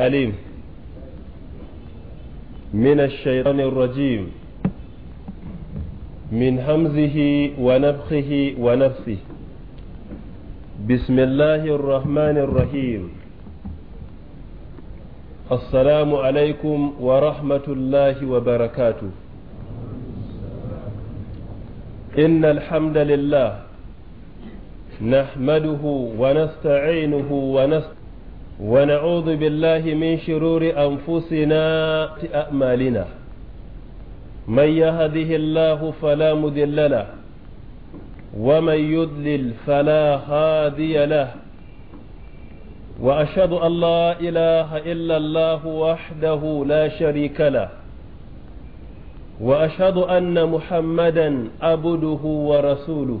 الأليم من الشيطان الرجيم من همزه ونفخه ونفسه بسم الله الرحمن الرحيم السلام عليكم ورحمة الله وبركاته إن الحمد لله نحمده ونستعينه ونستعينه ونعوذ بالله من شرور أنفسنا أعمالنا من يهده الله فلا مذل له ومن يذلل فلا هادي له وأشهد أن لا إله إلا الله وحده لا شريك له وأشهد أن محمدا عبده ورسوله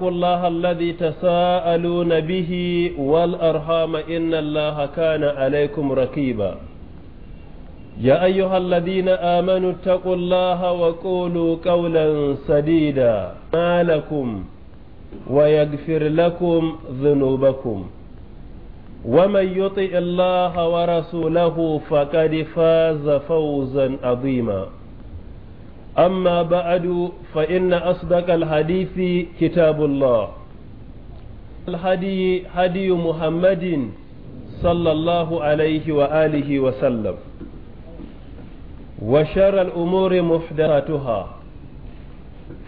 واتقوا الله الذي تساءلون به والأرحام إن الله كان عليكم ركيبا يا أيها الذين آمنوا اتقوا الله وقولوا قولا سديدا ما لكم ويغفر لكم ذنوبكم ومن يطئ الله ورسوله فقد فاز فوزا عظيما أما بعد فإن أصدق الحديث كتاب الله الهدي هدي محمد صلى الله عليه وآله وسلم وشر الأمور محدثاتها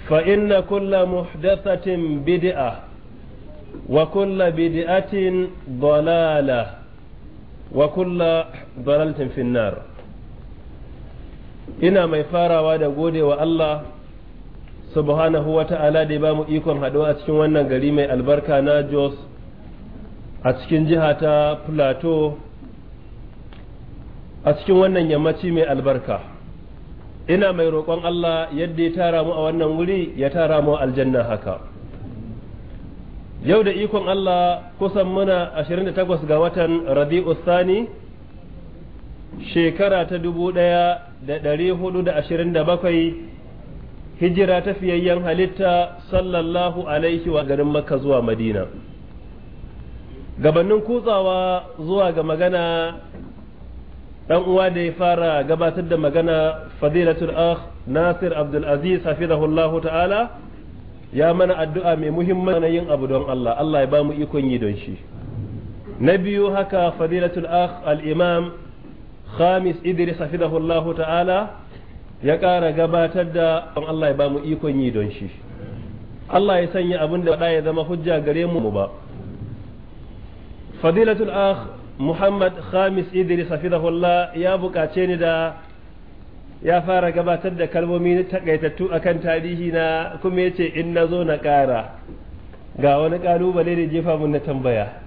فإن كل محدثة بدعة وكل بدعة ضلالة وكل ضلالة في النار ina mai farawa da gode wa Allah subhanahu wa ta'ala da ba mu ikon haɗuwa a cikin wannan gari mai albarka na Jos a cikin jiha ta Plateau a cikin wannan yammaci mai albarka ina mai roƙon Allah yadda ya tara mu a wannan wuri ya tara mu aljanna haka yau da ikon Allah kusan muna 28 ga watan Rabi'u Sani shekara ta dubu ɗaya da ɗari hudu da ashirin da bakwai hijira ta fiyayyen halitta sallallahu alaihi wa garin makka zuwa madina gabanin kutsawa zuwa ga magana ɗan uwa da ya fara gabatar da magana fadilatul akh nasir abdulaziz hafizahullahu ta'ala ya mana addu'a mai muhimmanci na yin abu don Allah Allah ya ba mu ikon yi don shi na biyu haka fadilatul akh al-imam khamis idris hafidahullahu ta'ala ya ƙara gabatar da don Allah ya ba mu ikon yi don shi Allah ya sanya abin da ya zama hujja gare mu ba fadilatul akh muhammad khamis idris hafidahullah ya buƙace ni da ya fara gabatar da kalmomi takaitattu akan tarihi na kuma ya ce in na zo na ƙara ga wani ƙalubale da jefa mun na tambaya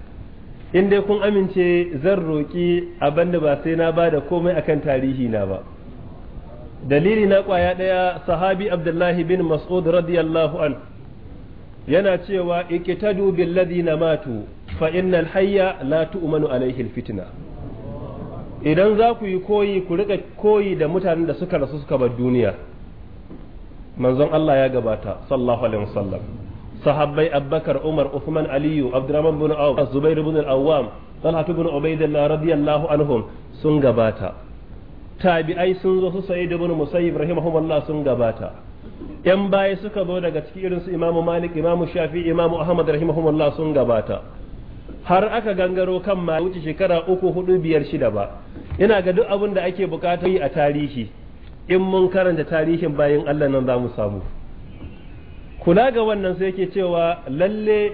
in dai kun amince zan roƙi abin da ba sai na ba da komai akan tarihi na ba dalili na kwaya ɗaya sahabi abdullahi bin mas'ud radiyallahu an yana cewa ikitadu billadhi na matu fa innal hayya la tu'manu alaihi fitna idan za ku yi koyi ku rika koyi da mutanen da suka rasu suka bar duniya manzon Allah ya gabata sallallahu alaihi wasallam sahabbai abbakar umar usman aliyu abdurrahman bin auf zubair bin awam dan talha bin ubaidillah radiyallahu anhum sun gabata tabi'ai sun zo su da bin musayyib rahimahumullah sun gabata yan baya suka zo daga cikin irin su imamu malik imamu shafi imamu ahmad rahimahumullah sun gabata har aka gangaro kan ma wuce shekara uku hudu biyar shida ba ina ga duk abin da ake bukata yi a tarihi in mun karanta tarihin bayan allah nan za mu samu kula ga wannan sai yake cewa lalle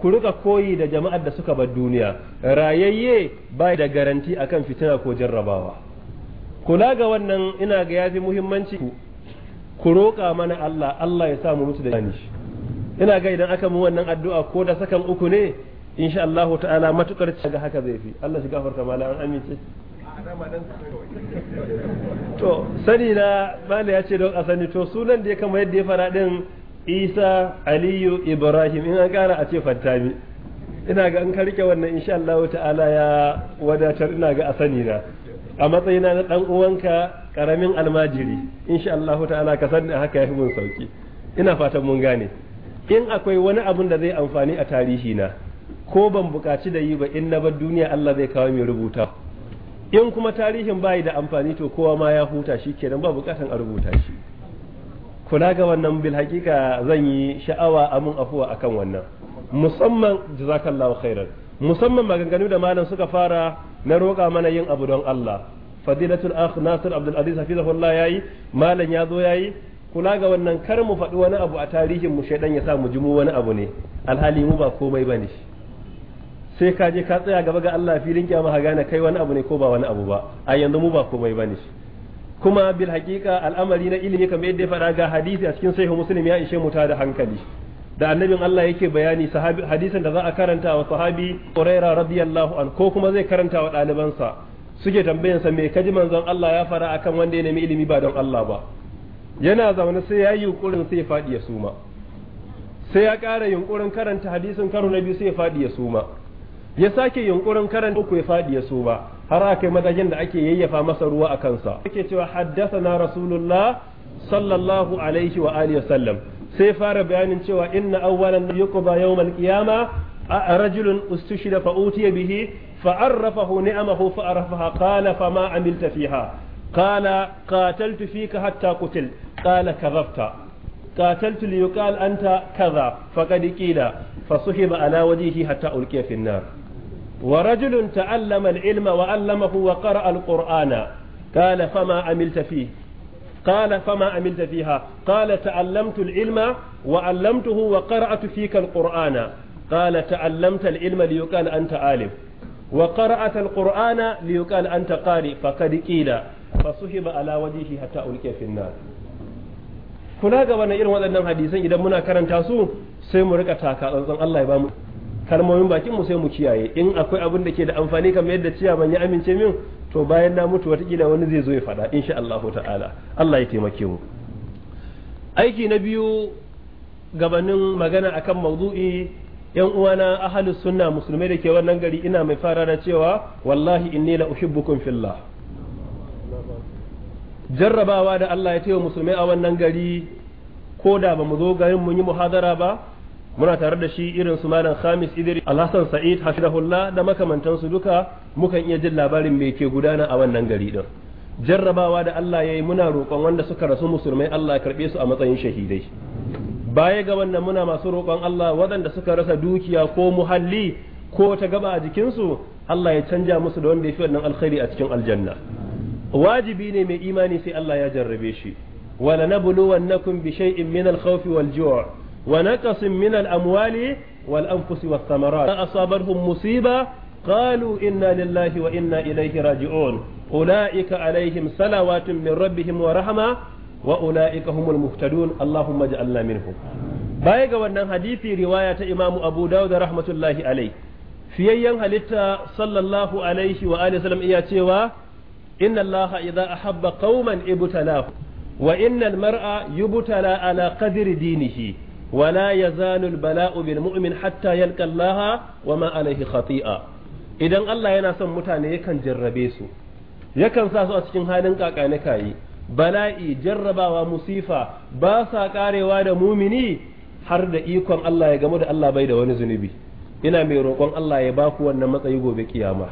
ku rika koyi da jama'ar da suka bar duniya rayayye bai da garanti akan fitina ko jarrabawa kula ga wannan ina ga yafi muhimmanci ku roƙa mana Allah Allah ya sa mu mutu da gani ina ga idan aka mu wannan addu'a ko da sakan uku ne insha Allah ta'ala matukar ci ga haka zai fi Allah shi gafarta mala an amince to sani na Bale ya ce don a sani to sunan da ya kama yadda ya fara din isa aliyu ibrahim ina kara a ce fattami ina ga an karke wannan insha Allah ta'ala ya wadatar ina ga a sani na a matsayina na dan uwanka karamin almajiri insha Allah ta'ala ka san haka yafi mun sauki ina fatan mun gane in akwai wani abun da zai amfani a tarihi na ko ban bukaci da yi ba in na bar duniya Allah zai kawo mai rubuta in kuma tarihin bai da amfani to kowa ma ya huta shi kenan ba bukatan a rubuta shi kula ga wannan bil hakika zan yi sha'awa a amin afuwa akan wannan musamman jazakallahu khairan musamman maganganu da malam suka fara na roƙa mana yin abu don Allah fadilatul akh Nasir Abdul Aziz hafizahullah yayi malam ya zo yayi kula ga wannan kar mu faɗi wani abu a tarihin mu shaidan ya sa mu ji mu wani abu ne alhali mu ba komai bane sai ka je ka tsaya gaba ga Allah filin kiyama ka gane kai wani abu ne ko ba wani abu ba a yanzu mu ba komai bane kuma bil haqiqa al'amari na ilimi kamar yadda ya faɗa ga hadisi a cikin sahih muslim ya ishe mu da hankali da annabin Allah yake bayani sahabi hadisin da za a karanta wa sahabi Hurairah radiyallahu an ko kuma zai karanta wa ɗalibansa suke tambayan sa me kaji manzon Allah ya fara akan wanda ya nemi ilimi ba don Allah ba yana zaune sai ya yi yunkurin sai ya faɗi ya suma sai ya ƙara yunkurin karanta hadisin karo na biyu sai ya faɗi ya suma ya sake yunkurin karanta uku ya faɗi ya suma har aka yi madajin da ake yayyafa masa ruwa a kansa yake cewa haddasa na rasulullah sallallahu alaihi wa sai fara bayanin cewa inna awwalan da yuko ba yau mal a rajulun ustushi da fa'uti ya bihi fa'arrafa hu ni'ama hu fa'arrafa ha kala fa ma amilta fiha kala kataltu fika hatta kutil kala kazafta kataltu li yuqal anta kaza faqad qila fa suhiba ala wajhihi hatta ulqiya fi an-nar ورجل تعلم العلم وعلمه وقرأ القرآن قال فما عملت فيه قال فما عملت فيها قال تعلمت العلم وعلمته وقرأت فيك القرآن قال تعلمت العلم ليقال أنت عالم وقرأت القرآن ليقال أنت قارئ فقد قيل فصحب على وجهه حتى ألقي في النار kula ga wannan irin waɗannan hadisan idan muna karanta su sai mu rika taka tsantsan Allah ya ba mu kalmomin bakin mu sai mu kiyaye in akwai abin da ke da amfani kamar yadda ciya ban ya amince min to bayan na mutu wata watakila wani zai zo ya faɗa insha Allah ta'ala Allah ya taimake mu aiki na biyu gabanin magana akan mawdu'i yan uwana ahlus sunna musulmai da ke wannan gari ina mai fara da cewa wallahi inni la uhibbukum fillah jarrabawa da Allah ya taimake musulmai a wannan gari ko da ba mu zo garin mun yi muhadara ba muna tare da shi irin su malam Khamis Idris Alhassan Sa'id Hafidahullah da makamantansu duka mukan iya jin labarin me ke gudana a wannan gari din jarrabawa da Allah ya yi muna roƙon wanda suka rasu musulmai Allah ya karɓe su a matsayin shahidai baya ga wannan muna masu roƙon Allah waɗanda suka rasa dukiya ko muhalli ko ta gaba a jikinsu Allah ya canja musu da wanda ya fi wannan alkhairi a cikin aljanna wajibi ne mai imani sai Allah ya jarrabe shi wala nabluwannakum bi shay'in min al-khawfi wal-ju' ونقص من الأموال والأنفس والثمرات أصابتهم مصيبة قالوا إنا لله وإنا إليه راجعون أولئك عليهم صلوات من ربهم ورحمة وأولئك هم المهتدون اللهم اجعلنا منهم baya ga wannan hadisi riwaya ta imamu abu da rahmatullahi alai fiyayyen halitta sallallahu alaihi wa alihi wasallam iya cewa inna allaha idza ahabba qauman ibtalahu wa innal mar'a yubtala ala qadri dinihi wala يزال bala'u بالمؤمن حتى hatta الله وما wa خطيئه idan Allah yana son mutane yakan jarrabe su yakan sa su a cikin halin kakani kayi bala'i jarrabawa musifa ba sa karewa da mumini har da ikon Allah ya gamu da Allah bai da wani zunubi ina mai roƙon Allah ya baku wannan matsayi gobe kiyama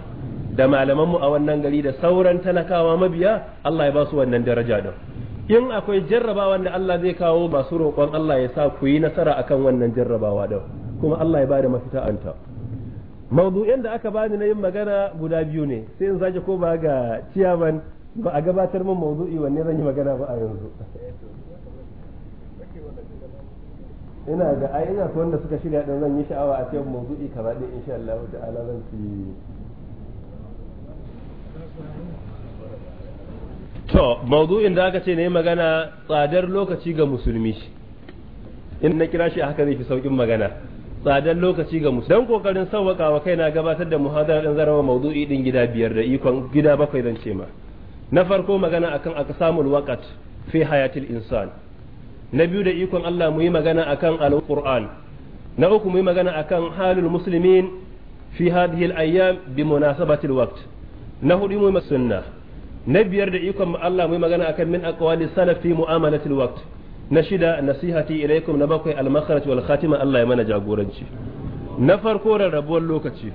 da malamanmu a wannan gari da sauran talakawa mabiya Allah ya ba su wannan daraja da in akwai jarrabawan da Allah zai kawo masu roƙon Allah ya sa ku yi nasara akan wannan jarrabawa da kuma Allah ya bada mafita an ta mawdu'in da aka bani na yin magana guda biyu ne sai in zaki ko ba ga ciyaman ba a gabatar min mawdu'i wanne zan yi magana ba a yanzu ina ga ai ina ko wanda suka shirya dan zan yi sha'awa a cikin mawdu'i kaza din insha Allah ta'ala zan ci to maudu'in da aka ce ne magana tsadar lokaci ga musulmi in na kira shi a haka zai fi saukin magana tsadar lokaci ga musulmi don kokarin sauwaka wa kaina gabatar da muhadara din zarawa maudu'i din gida biyar da ikon gida bakwai zan ce ma na farko magana akan aqsamul waqt fi hayatil insan na biyu da ikon Allah mu yi magana akan alquran na uku mu yi magana akan halul muslimin fi hadhihi al-ayyam bi munasabatil waqt na hudu mu yi sunnah na biyar da ikon Allah mai magana akan min aqwali salafi mu'amalatil waqt na shida nasihati ilaikum na bakwai al-makharaj wal khatima Allah ya mana jagoranci na farko rarrabuwar lokaci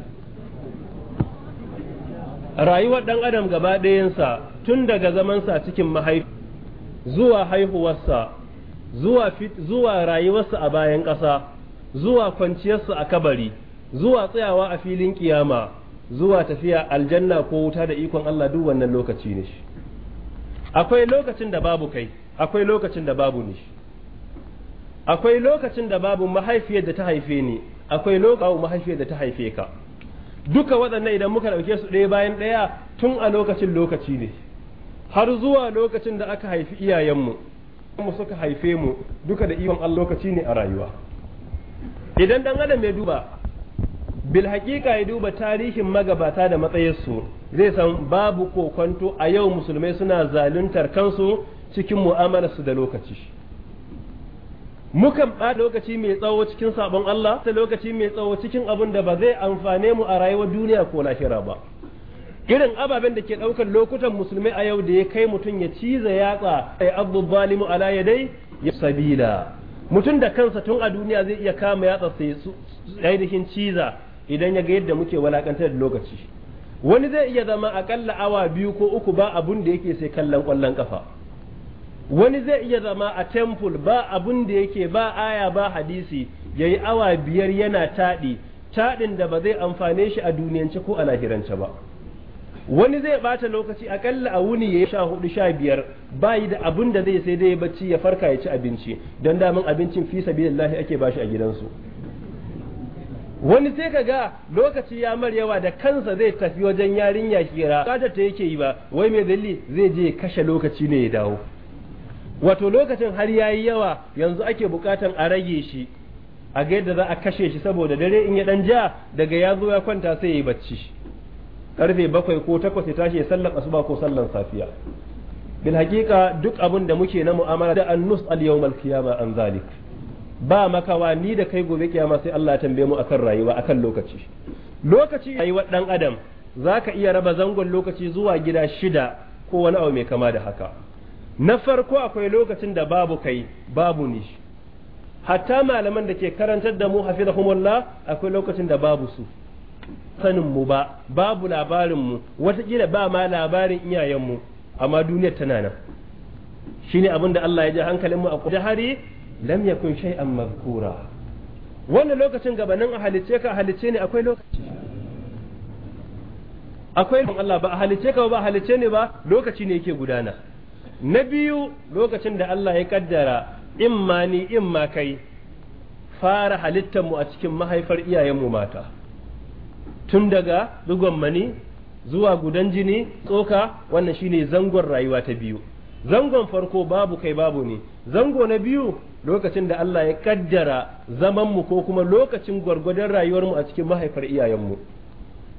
rayuwar dan adam gaba ɗayansa tun daga zamansa cikin mahaifi zuwa haihuwarsa zuwa zuwa rayuwarsa a bayan ƙasa zuwa kwanciyarsa a kabari zuwa tsayawa a filin kiyama zuwa tafiya aljanna ko wuta da ikon Allah duk wannan lokaci ne shi akwai lokacin da babu kai akwai lokacin da babu ni akwai lokacin da babu mahaifiyar da ta haife ni akwai lokacin mahaifiyar da ta haife ka duka waɗannan idan muka ɗauke su ɗaya bayan ɗaya tun a lokacin lokaci ne har zuwa lokacin da aka haifi iyayenmu mu suka haife mu duka da ikon Allah lokaci ne a rayuwa idan dan adam ya duba bil haƙiƙa ya duba tarihin magabata da matsayinsu zai san babu kokonto a yau musulmai suna zaluntar kansu cikin mu'amalarsu da lokaci mukan ba lokaci mai tsawo cikin sabon Allah da lokaci mai tsawo cikin abin da ba zai amfane mu a rayuwar duniya ko lahira ba irin ababen da ke ɗaukar lokutan musulmai a yau da ya kai mutum ya ciza yatsa ay abdu zalimu ala yadai ya sabila mutum da kansa tun a duniya zai iya kama yatsa sai ainihin ciza idan ya ga yadda muke walakantar da lokaci wani zai iya zama akalla awa biyu ko uku ba abun da yake sai kallon kwallon kafa wani zai iya zama a temple ba abun da yake ba aya ba hadisi ya yi awa biyar yana taɗi taɗin da ba zai amfane shi a duniyance ko a lahirance ba wani zai bata lokaci akalla a wuni ya sha hudu sha biyar bayi da abun da zai sai dai bacci ya farka ya ci abinci don damin abincin fi sabilillahi ake bashi a gidansu wani sai ka ga lokaci ya mar yawa da kansa zai tafi wajen yarinya kira kada ta yake yi ba wai mai dalili zai je kashe lokaci ne ya dawo wato lokacin har ya yi yawa yanzu ake bukatan a rage shi a ga yadda za a kashe shi saboda dare in ya dan ja daga ya zo ya kwanta sai ya yi bacci karfe bakwai ko takwas ya tashi ya sallan asuba ko sallan safiya bil haqiqa duk abin da muke na mu'amala da annus al yawm al an zalik ba makawa ni da kai gobe kiyama sai Allah ya tambaye mu akan rayuwa akan lokaci lokaci wa dan adam zaka iya raba zangon lokaci zuwa gida shida ko wani abu mai kama da haka na farko akwai lokacin da babu kai babu ni hatta malaman da ke karantar da mu hafizahumullah akwai lokacin da babu su sanin mu ba babu labarin mu watakila ba ma labarin iyayen mu amma duniyar tana nan shine abin da Allah ya ji hankalin mu a hari lam yakun shay'an mazkura wannan lokacin gabanin a halice ka halice ne akwai lokaci akwai lokacin Allah ba a halice ka ba a halice ne ba lokaci ne yake gudana na biyu lokacin da Allah ya kaddara imma ni imma kai fara halittar mu a cikin mahaifar iyayen mu mata tun daga dugon mani zuwa gudan jini tsoka wannan shine zangon rayuwa ta biyu zangon farko babu kai babu ne zango na biyu lokacin da Allah ya kaddara zaman mu ko kuma lokacin gwargwadon rayuwar mu a cikin mahaifar iyayen mu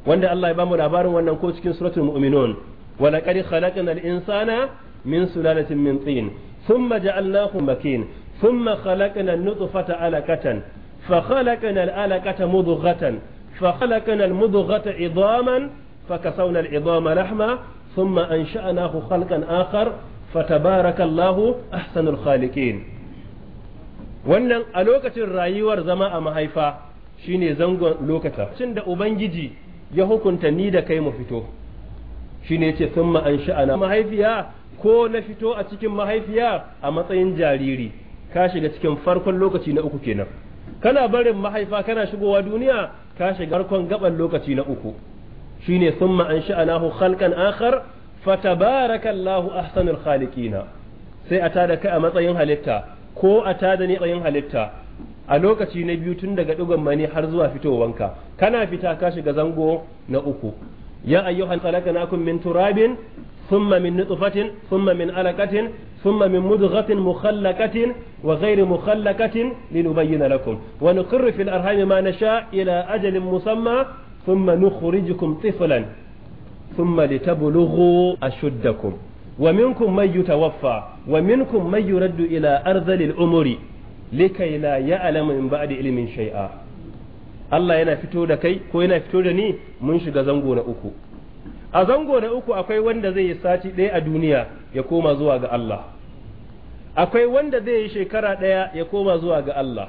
wanda Allah ya bamu labarin wannan ko cikin suratul mu'minun wa laqad khalaqnal insana min sulalatin min tin thumma ja'alnahu makin thumma khalaqna an-nutfata 'alaqatan fa khalaqna al-'alaqata mudghatan fa khalaqna al-mudghata 'idhaman فكسونا العظام لحما ثم أنشأناه خلقا آخر فتبارك الله أحسن الخالقين wannan a lokacin rayuwar zama a mahaifa shine zangon lokata cin da ubangiji ya hukunta ni da kai mu fito shine sun thumma ansha'ana mahaifiya ko na fito a cikin mahaifiya a matsayin jariri ka shiga cikin farkon lokaci na uku kenan kana barin mahaifa kana shigowa duniya ka shiga farkon gaban lokaci na uku shine thumma hu halkan akhar fatabarakallahu ahsanul khaliqina sai a tada kai a matsayin halitta ko a tada ni halitta a lokaci na biyu tun daga ɗigon mani har zuwa fitowanka kana fita ka shiga zango na uku ya ayyuhan khalaqnakum min turabin thumma min nutfatin thumma min alaqatin thumma min mudghatin mukhallaqatin wa ghayri mukhallaqatin linubayyana lakum wa nuqirru fil arham ma nasha ila ajalin musamma thumma nukhrijukum tiflan thumma litabulughu ashuddakum wa minkum may yutawaffa wa minkum may yuraddu ila arzalil umuri likay a ya'lamu min da ilimin shai'a. Allah yana fito da kai ko yana fito da ni mun shiga zango na uku a zango na uku akwai wanda zai yi sati ɗaya a duniya ya koma zuwa ga Allah akwai wanda zai yi shekara ɗaya ya koma zuwa ga Allah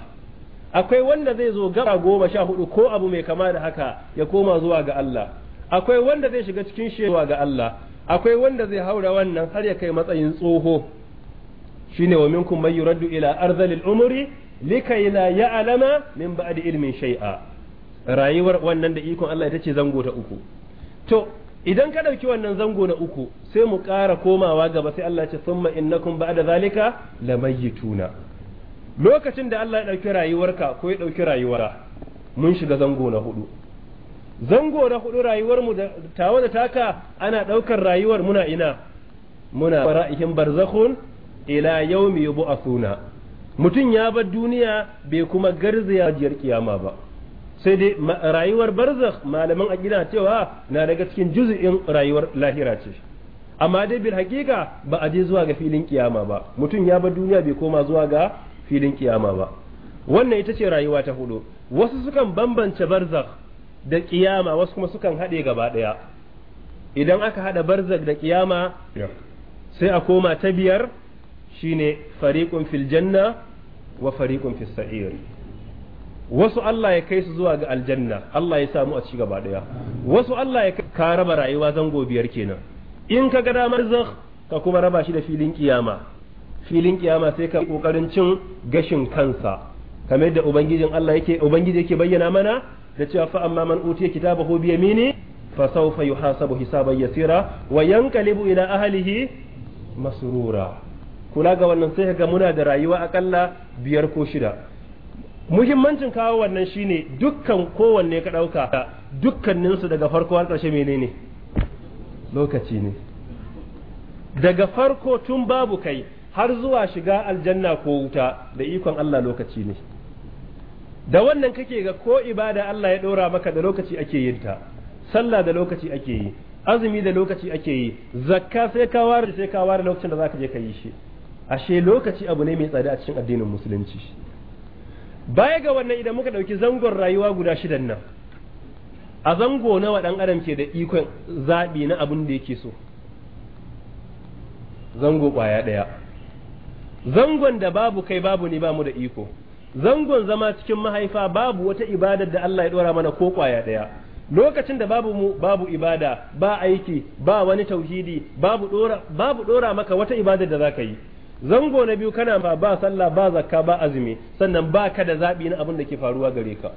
akwai wanda zai zo gaba goma sha hudu ko abu mai kama da haka ya koma zuwa ga Allah akwai wanda zai shiga cikin shewa ga Allah akwai wanda zai haura wannan har ya kai matsayin tsoho shine wa minkum man yuraddu ila arzalil umuri? likay la ya'lama min ba'di ilmin shay'a rayuwar wannan da ikon Allah ita ce zango ta uku to idan ka ɗauki wannan zango na uku sai mu ƙara komawa gaba sai Allah ce thumma innakum ba'da zalika lamayituna lokacin da Allah ya ɗauki rayuwarka ko ya dauki rayuwara mun shiga zango na hudu zango na hudu rayuwar mu da tawa da taka ana daukar rayuwar muna ina muna fara'ihim barzakhun ila yawmi yub'athuna mutum ya bar duniya bai kuma garzaya jiyar kiyama ba sai dai rayuwar barzakh malaman aqida cewa na daga cikin juz'in rayuwar lahira ce amma dai bil hakika ba a je zuwa ga filin kiyama ba mutum ya bar duniya bai koma zuwa ga filin kiyama ba wannan ita ce rayuwa ta hudu wasu sukan bambance barzakh da kiyama wasu kuma sukan haɗe gaba ɗaya idan aka haɗa barzak da kiyama sai a koma ta biyar shine fariqun fil janna wa fariqun fis sa'ir wasu Allah ya kai su zuwa ga aljanna Allah ya samu a ci gaba ɗaya wasu Allah ya ka raba rayuwa zango biyar kenan in ka ga damar zakh ka kuma raba shi da filin kiyama filin kiyama sai ka kokarin cin gashin kansa kamar da ubangijin Allah yake ubangiji yake bayyana mana da cewa fa amma man utiya kitabahu bi yamini fa sawfa yuhasabu hisaban yasira wa yanqalibu ila ahlihi masrura kula ga wannan sai ga muna da rayuwa akalla biyar ko shida muhimmancin kawo wannan shine dukkan kowanne ka dauka dukkaninsu daga farko har karshe menene lokaci ne daga farko tun babu kai har zuwa shiga aljanna ko wuta da ikon Allah lokaci ne da wannan kake ga ko ibada Allah ya ɗora maka da lokaci ake yin ta sallah da lokaci ake yi azumi da lokaci ake yi zakka sai ka ware sai ka ware lokacin da zaka je ka yi shi ashe lokaci abu ne mai tsada a cikin addinin musulunci baya ga wannan idan muka ɗauki zangon rayuwa guda shidan nan a zango nawa ɗan adam ke da ikon zaɓi na abin da yake so zango kwaya ɗaya zangon da babu kai babu ne ba mu da iko zangon zama cikin mahaifa babu wata ibadar da Allah ya dora mana ko kwaya daya lokacin da babu mu babu ibada ba aiki ba wani tauhidi babu dora babu dora maka wata ibadar da zaka yi zango na biyu kana ba ba sallah ba zakka ba azumi sannan ba ka da zabi na abin da ke faruwa gare ka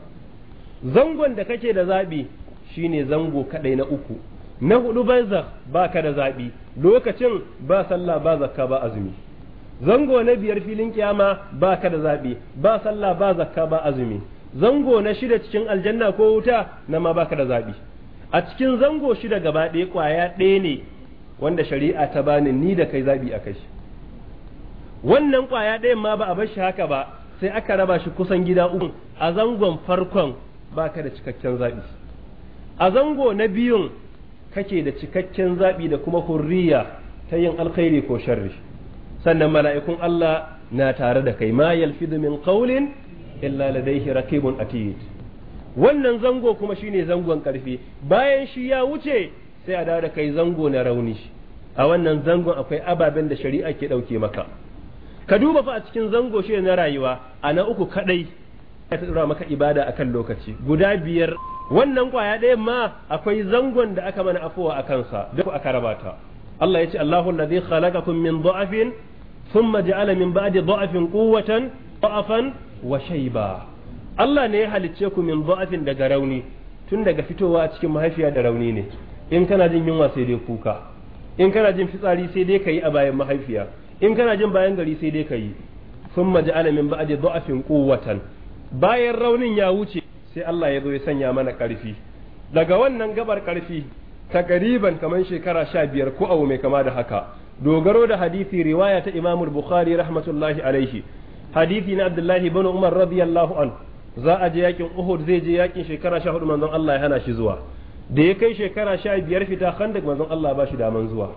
zangon da kake da zabi shine zango kadai na uku na hudu barzakh ba ka da zabi lokacin ba sallah ba zakka ba azumi zango na biyar filin kiyama ba ka da zaɓi ba sallah ba zakka ba azumi zango na shida cikin aljanna ko wuta na ma ba ka da zaɓi a cikin zango shida gaba ɗaya ƙwaya ɗaya ne wanda shari'a ta bani ni da kai zaɓi a kai wannan ƙwaya ɗayan ma ba a bar shi haka ba sai aka raba shi kusan gida uku a zangon farkon ba ka da cikakken zaɓi a zango na biyun kake da cikakken zaɓi da kuma hurriya ta yin alkhairi ko sharri sannan mala'ikun Allah na tare da kai ma yalfidu min qawlin illa ladayhi raqibun atid wannan zango kuma shine zangon karfi bayan shi ya wuce sai a dawo da kai zango na rauni a wannan zangon akwai ababen da shari'a ke ɗauke maka ka duba fa a cikin zango shi na rayuwa a na uku kadai ya tsura maka ibada akan lokaci guda biyar wannan kwaya ɗaya ma akwai zangon da aka mana afuwa a kansa duk aka rabata Allah ya ce Allahu khalaka khalaqakum min dha'fin ثم جعل من بعد ضعف قوة ضعفا وشيبا الله Allah ne ya halicce ku min dha'fin daga rauni tun daga fitowa a cikin mahaifiya da rauni ne in kana jin yunwa sai dai kuka in kana jin fitsari sai dai kayi a bayan mahaifiya in kana jin bayan gari sai dai kayi thumma ja'ala min ba'di dha'fin quwwatan bayan raunin ya wuce sai Allah ya zo ya sanya mana ƙarfi daga wannan gabar ƙarfi ta kariban kamar shekara sha biyar ko abu mai kama da haka dogaro da hadisi riwaya ta Imam Bukhari rahmatullahi alaihi hadisi na Abdullahi ibn Umar radiyallahu an za a je yakin Uhud zai je yakin shekara 14 manzon Allah ya hana shi zuwa da ya kai shekara 15 fita Khandaq manzon Allah ba shi daman zuwa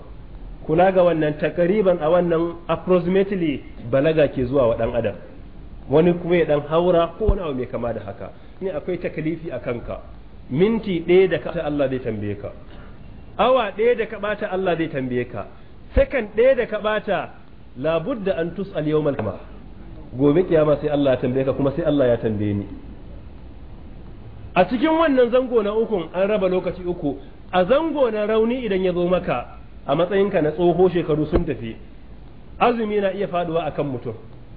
kula ga wannan takariban a wannan approximately balaga ke zuwa wa dan adam wani kuma ya dan haura ko wani abu mai kama da haka ne akwai takalifi a kanka minti ɗaya da ka Allah zai tambaye ka awa ɗaya da ka bata Allah zai tambaye ka sakan ɗaya da ka ɓata da an tus al yau malkama gobe kiyama sai Allah ya tambaye ka kuma sai Allah ya tambaye ni a cikin wannan zango na ukun an raba lokaci uku a zango na rauni idan ya zo maka a matsayinka na tsoho shekaru sun tafi azumi na iya faduwa akan mutum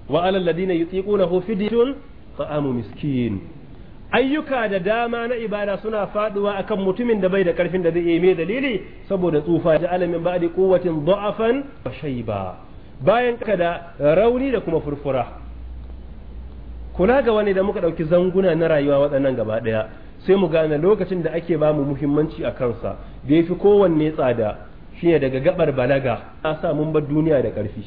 wa alal ladina yutiqunahu fidyatun ta'amu miskin ayyuka da dama na ibada suna faduwa akan mutumin da bai da karfin da zai yi mai dalili saboda tsufa ji alamin ba'di quwwatin da'afan wa shayba bayan ka da rauni da kuma furfura kula ga wani da muka dauki zanguna na rayuwa waɗannan gaba ɗaya sai mu gane lokacin da ake ba mu muhimmanci a kansa da yafi kowanne tsada shine daga gabar balaga a sa mun bar duniya da karfi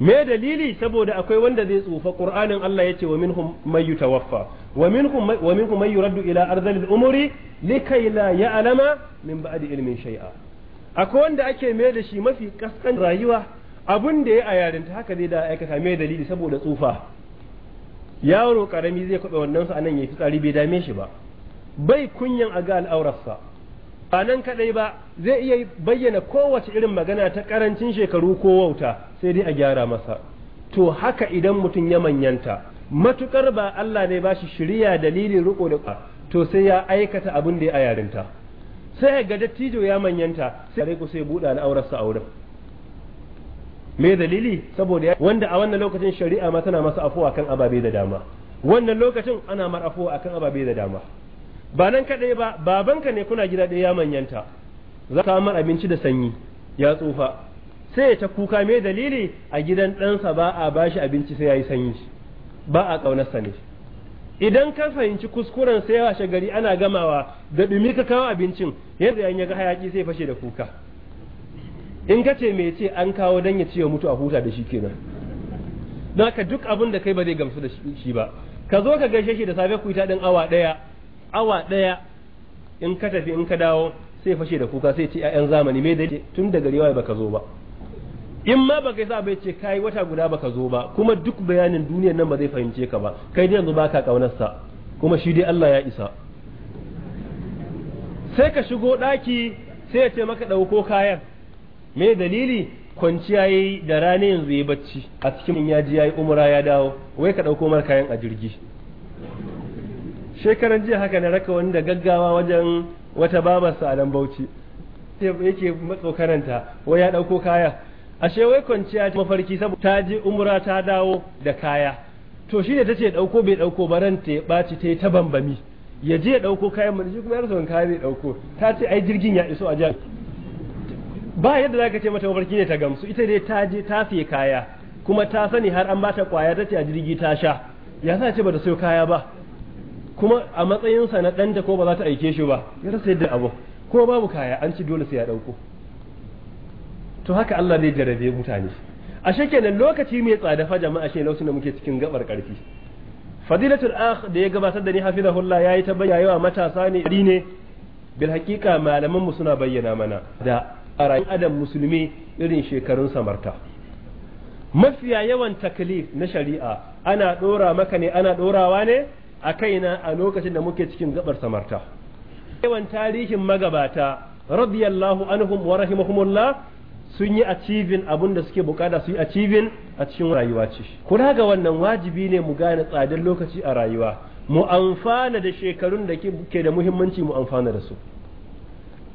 me dalili saboda akwai wanda zai tsufa qur'anin Allah yace wa minhum mayyutawaffa ومنكم ila من umuri? الى ارذل الامور لكي لا يعلم من بعد علم شيئا akwai wanda ake mai da shi mafi kaskan rayuwa abun da ya a yarinta haka zai da aikata mai dalili saboda tsufa yaro karami zai kwaɓe wannan sa nan ya fi tsari bai dame shi ba bai kunyan a ga al'aurarsa ba nan kadai ba zai iya bayyana kowace irin magana ta karancin shekaru ko wauta sai dai a gyara masa to haka idan mutum ya manyanta matukar ba Allah ne ba shi shirya dalilin riko da to sai ya aikata abin da ya yarinta sai ga dattijo ya manyanta sai ya ku sai buɗa al'aurarsa a wurin me dalili saboda wanda a wannan lokacin shari'a ma tana masa afuwa kan ababe da dama wannan lokacin ana mar afuwa akan ababe da dama ba nan kaɗai ba babanka ne kuna gida ɗaya ya manyanta za ka mar abinci da sanyi ya tsufa sai ya ta kuka me dalili a gidan ɗansa ba a bashi abinci sai ya yi sanyi ba a ƙaunarsa ne idan ka fahimci kuskuren sai yawa gari ana gamawa da ɗumi ka kawo abincin yadda an ya ga hayaki sai fashe da kuka in ka ce mai ce an kawo dan ya ce wa mutu a huta da shi kenan don ka duk abin da kai ba zai gamsu da shi ba ka zo ka gaishe shi da safe ku ɗin awa ɗaya awa ɗaya in ka tafi in ka dawo sai fashe da kuka sai ce 'ya'yan zamani me da tun da gari ba baka zo ba in ma baka yi sa bai ce kai wata guda baka zo ba kuma duk bayanin duniyar nan ba zai fahimce ka ba kai dai yanzu baka kaunarsa kuma shi dai Allah ya isa sai ka shigo daki sai ya ce maka ɗauko kayan me dalili kwanciya ya yi da rana yanzu ya bacci a cikin ya ji yayi yi ya dawo wai ka ɗauko mar kayan a jirgi shekaran jiya haka na raka wani da gaggawa wajen wata babarsa a nan bauchi yake matsokananta wai ya ɗauko kaya ashe wai kwanciya ta mafarki saboda ta je umra ta dawo da kaya to shi ta ce ɗauko bai ba baran ta baci ta yi ta bambami ya je ya ɗauko kayan mun shi kuma yarsa wani kaya bai ɗauko ta ce ai jirgin ya iso a jan ba yadda za ka ce mata mafarki ne ta gamsu ita dai ta je ta fiye kaya kuma ta sani har an bata kwaya ta ce a jirgi ta sha ya sa ce bata sayo kaya ba kuma a matsayinsa na ɗanta ko ba za ta aike shi ba ya rasa yadda abu ko babu kaya an ci dole sai ya ɗauko. to haka Allah zai jarabe mutane ashe kenan lokaci mai tsada fa jama'a shi lokacin da muke cikin gabar karfi fadilatul akh da ya gabatar da ni hafizahullah yayi ta bayyana matasa ne ri ne bil haqiqa malaman mu suna bayyana mana da rayuwar adam musulmi irin shekarun samarta mafiya yawan taklif na shari'a ana dora maka ne ana dorawa ne a kaina a lokacin da muke cikin gabar samarta yawan tarihin magabata radiyallahu anhum wa rahimahumullah sun yi achieving abin da suke bukata su yi achieving a cikin rayuwa ce kula ga wannan wajibi ne mu gane tsadar lokaci a rayuwa mu amfana da shekarun da ke da muhimmanci mu amfana da su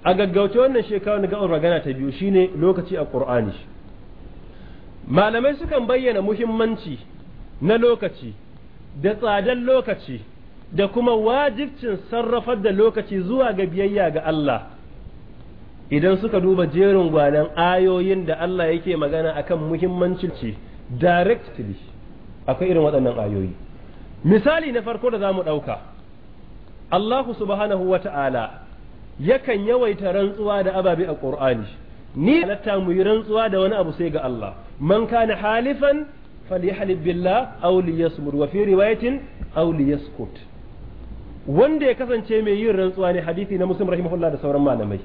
a gaggauce wannan shekarun ga magana ta biyu shine lokaci a qur'ani malamai sukan bayyana muhimmanci na lokaci da tsadar lokaci da kuma wajibcin sarrafar da lokaci zuwa ga biyayya ga Allah idan suka duba jerin gwanan ayoyin da Allah yake magana akan muhimmancin ce directly akwai irin waɗannan ayoyi misali na farko da za mu ɗauka Allahu subhanahu wa ta'ala yakan yawaita rantsuwa da ababe a ƙur'ani ni halatta mu yi rantsuwa da wani abu sai ga Allah man kana halifan falyahlib billah aw liyasmut wa fi riwayatin wanda ya kasance mai yin rantsuwa ne hadisi na muslim rahimahullah da sauran malamai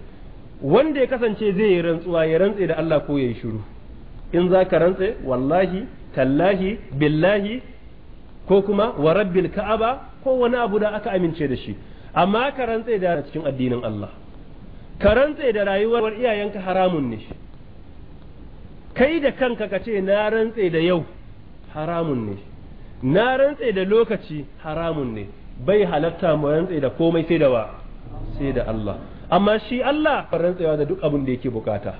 wanda ya kasance zai yi rantsuwa ya rantse da Allah ko ya yi shiru in za ka rantse wallahi tallahi billahi ko kuma wa rabbil ka'aba ko wani abu da aka amince da shi amma ka rantse da cikin addinin Allah ka rantse da rayuwar iyayenka haramun ne kai da kanka ka ce na rantse da yau haramun ne na rantse da lokaci haramun ne bai halatta mu rantse da komai sai da wa sai da Allah amma shi Allah rantsewa da duk abin da yake bukata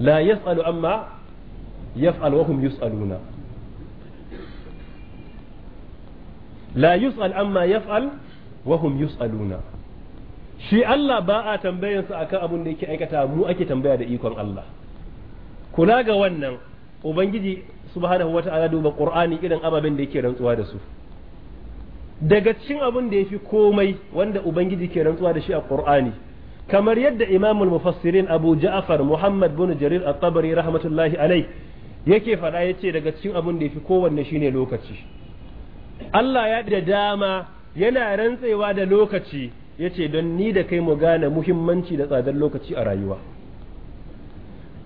la yas'alu amma yaf'al wa hum yus'aluna la yus'al amma yaf'al wa hum yus'aluna shi Allah ba a tambayansa akan abin da yake aikata mu ake tambaya da ikon Allah kula ga wannan ubangiji subhanahu wata'ala duba qur'ani irin ababen da yake rantsuwa da su daga cikin abin da yafi komai wanda ubangiji ke rantsuwa da shi a qur'ani kamar yadda imamul mufassirin abu ja'far muhammad bin jarir al tabari rahmatullahi alai yake faɗa ce daga cikin abin da ya fi kowanne shine lokaci Allah ya da dama yana rantsewa da lokaci ya ce don ni da kai mu gane muhimmanci da tsadar lokaci a rayuwa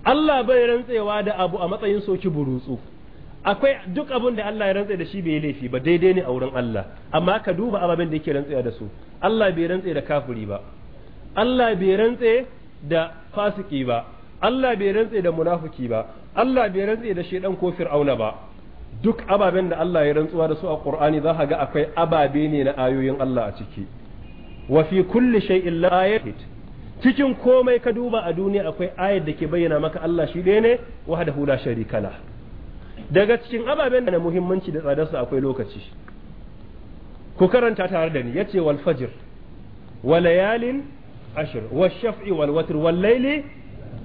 Allah bai rantsewa da abu a matsayin soki burutsu akwai duk abin da Allah ya rantsa da shi bai yi laifi ba daidai ne a wurin Allah amma ka duba ababen da yake rantsa da su Allah bai rantsa da kafiri ba Allah bai rantsa da fasiki ba Allah bai rantsa da munafiki ba Allah bai rantsa da shedan ko fir'auna ba duk ababen da Allah ya rantsuwa da su a Qur'ani za ka ga akwai ababe ne na ayoyin Allah a ciki wa fi kulli shay'in la ayat cikin komai ka duba a duniya akwai ayat da ke bayyana maka Allah shi ɗaya ne wahdahu la sharika lah daga cikin ababen da na muhimmanci da tsadarsa akwai lokaci ku karanta tare da ni yace wal walfajir walayalin ashir ashr wa shaf'i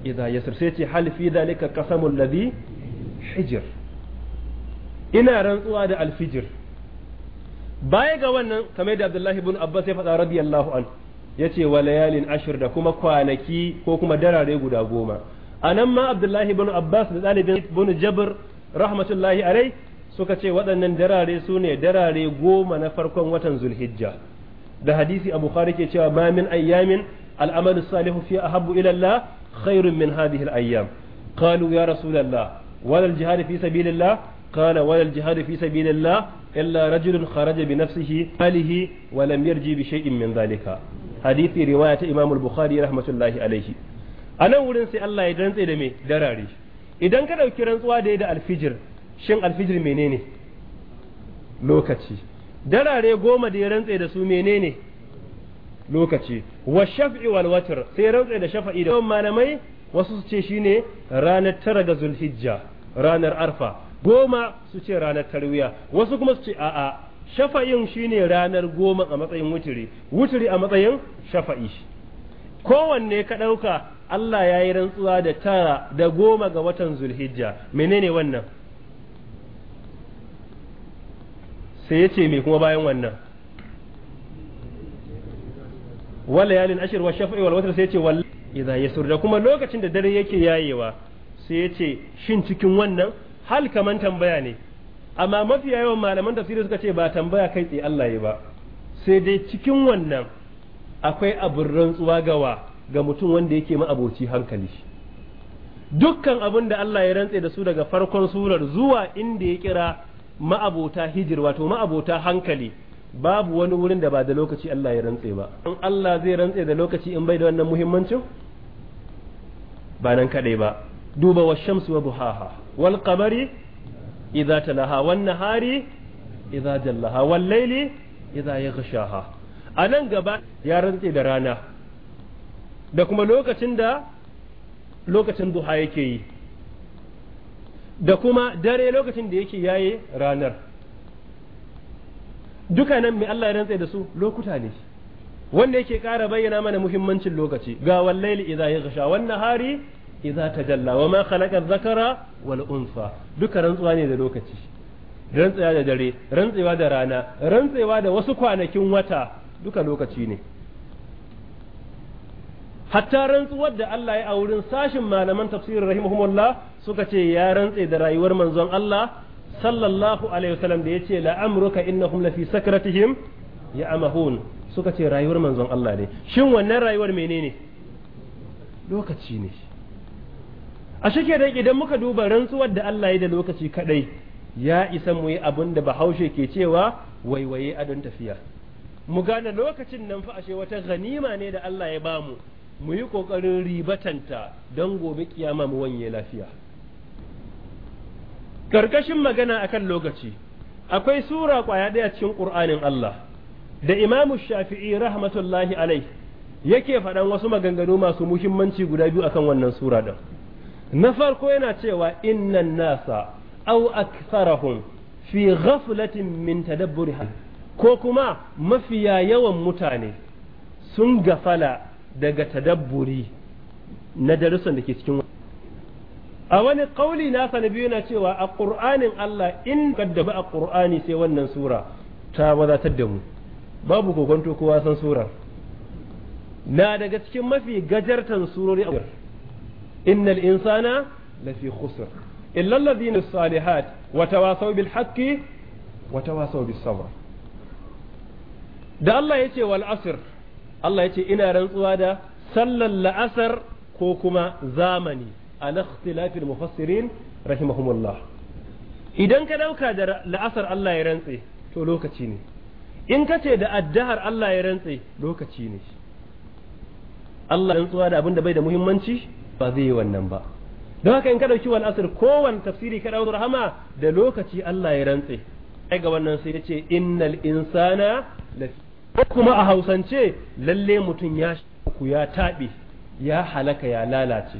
idha yasr sai ce hal fi dhalika qasamul ladhi hijr ina rantsuwa da alfijir baya ga wannan kamar da Abdullahi ibn Abbas ya faɗa radiyallahu an yace wa layalin ashir da kuma kwanaki ko kuma darare guda goma anan ma Abdullahi ibn Abbas da ɗalibin ibn Jabr rahmatullahi alai suka ce waɗannan darare su ne darare goma na farkon watan zulhijja da hadisi a bukhari ke cewa ma min ayyamin al'amalu salihu fi ahabbu ila Allah khairun min hadhihi ayyam qalu ya rasulullah wala al-jihad fi sabilillah qala wala al-jihad fi sabilillah illa rajulun kharaja bi nafsihi alihi wa lam yarji bi shay'in min dhalika hadisi riwaya ta imam al-bukhari rahmatullahi alayhi anan wurin sai Allah ya dantse da me darare idan ka ɗauki rantsuwa da ya da alfijir shin alfijir menene lokaci darare goma da ya rantse da su menene lokaci wa shaf'i wal watr sai rantse da shafa'i da Yawan malamai wasu su ce shine ranar tara ga zulhijja ranar arfa goma su ce ranar tarwiya wasu kuma su ce a'a shafa'in shine ranar goma a matsayin wuturi wuturi a matsayin shafa'i kowanne ka ɗauka Allah ya yi rantsuwa da tara da goma ga watan zulhijja menene wannan sai ya ce me kuma bayan wannan wala yalin ashir wa shafa'i wal watr sai ya ce wal idza yasur da kuma lokacin da dare yake yayewa sai ya ce shin cikin wannan hal kaman tambaya ne amma mafi yawan malaman tafsiri suka ce ba tambaya kai tsaye Allah ya ba sai dai cikin wannan akwai abin rantsuwa gawa ga mutum wanda yake ma'aboci hankali dukkan abin da Allah ya rantse da su daga farkon surar zuwa inda ya kira ma'abota hijir wato ma'abota hankali babu wani wurin da ba da lokaci Allah ya rantse ba in Allah zai rantse da lokaci in bai da wannan muhimmancin ba nan kadai ba duba wa shamsu wa buhaha wal qamari idza talaha wan nahari idza jallaha wal layli idza yaghshaha anan gaba ya rantse da rana da kuma lokacin da lokacin duha yake yi da kuma dare lokacin da yake yaye ranar duka nan mai Allah ya rantsa da su lokuta ne wanda yake ƙara bayyana mana muhimmancin lokaci ga wallaili idza yaghsha wan nahari idza tajalla wa ma khalaqa dhakara wal unsa duka rantsuwa ne da lokaci rantsuwa da dare rantsewa da rana rantsewa da wasu kwanakin wata duka lokaci ne hatta rantsuwar da Allah ya a wurin sashin malaman tafsirin rahimahumullah suka ce ya rantse da rayuwar manzon Allah sallallahu alaihi wasallam da yace la amruka innahum lafi sakratihim ya amahun suka ce rayuwar manzon Allah ne shin wannan rayuwar menene lokaci ne a shike da idan muka duba rantsuwar da Allah ya da lokaci kadai ya isa mu yi abin da bahaushe ke cewa waiwaye adon tafiya mu gane lokacin nan fa ashe wata ganima ne da Allah ya bamu mu yi ƙoƙarin ribatanta don gobe kiyama mu wanye lafiya karkashin magana akan lokaci akwai sura kwaya ɗaya cikin ƙur'anin Allah da imamu shafi'i rahmatullahi alai yake faɗan wasu maganganu masu muhimmanci guda biyu akan wannan sura ɗin na farko yana cewa innan nasa au aktharahum fi ghaflatin min tadabburiha ko kuma mafiya yawan mutane sun gafala daga tadabburi na darussan da ke cikin a wani kauli nasa na biyu na cewa a ƙur'anin Allah in kaddaba a ƙur'ani sai wannan sura ta wadatar da mu babu kokonto kowa san sura na daga cikin mafi gajartan surori a innal insana lafi khusr illa alladhina salihat wa tawasaw bil haqqi wa tawasaw bis sabr da Allah yace wal asr Allah ya ce ina rantsuwa da sallar la'asar ko kuma zamani ala ikhtilafil mufassirin rahimahumullah idan ka dauka da la'asar Allah ya rantse to lokaci ne in ka ce da addahar Allah ya rantse lokaci ne Allah ya rantsuwa da abin da bai da muhimmanci ba zai yi wannan ba don haka in ka dauki wani asir kowanne tafsiri ka dauki rahama da lokaci Allah ya rantse ai ga wannan sai ya ce innal insana lafi ko kuma a hausance lalle mutum ya shi ya taɓe ya halaka ya lalace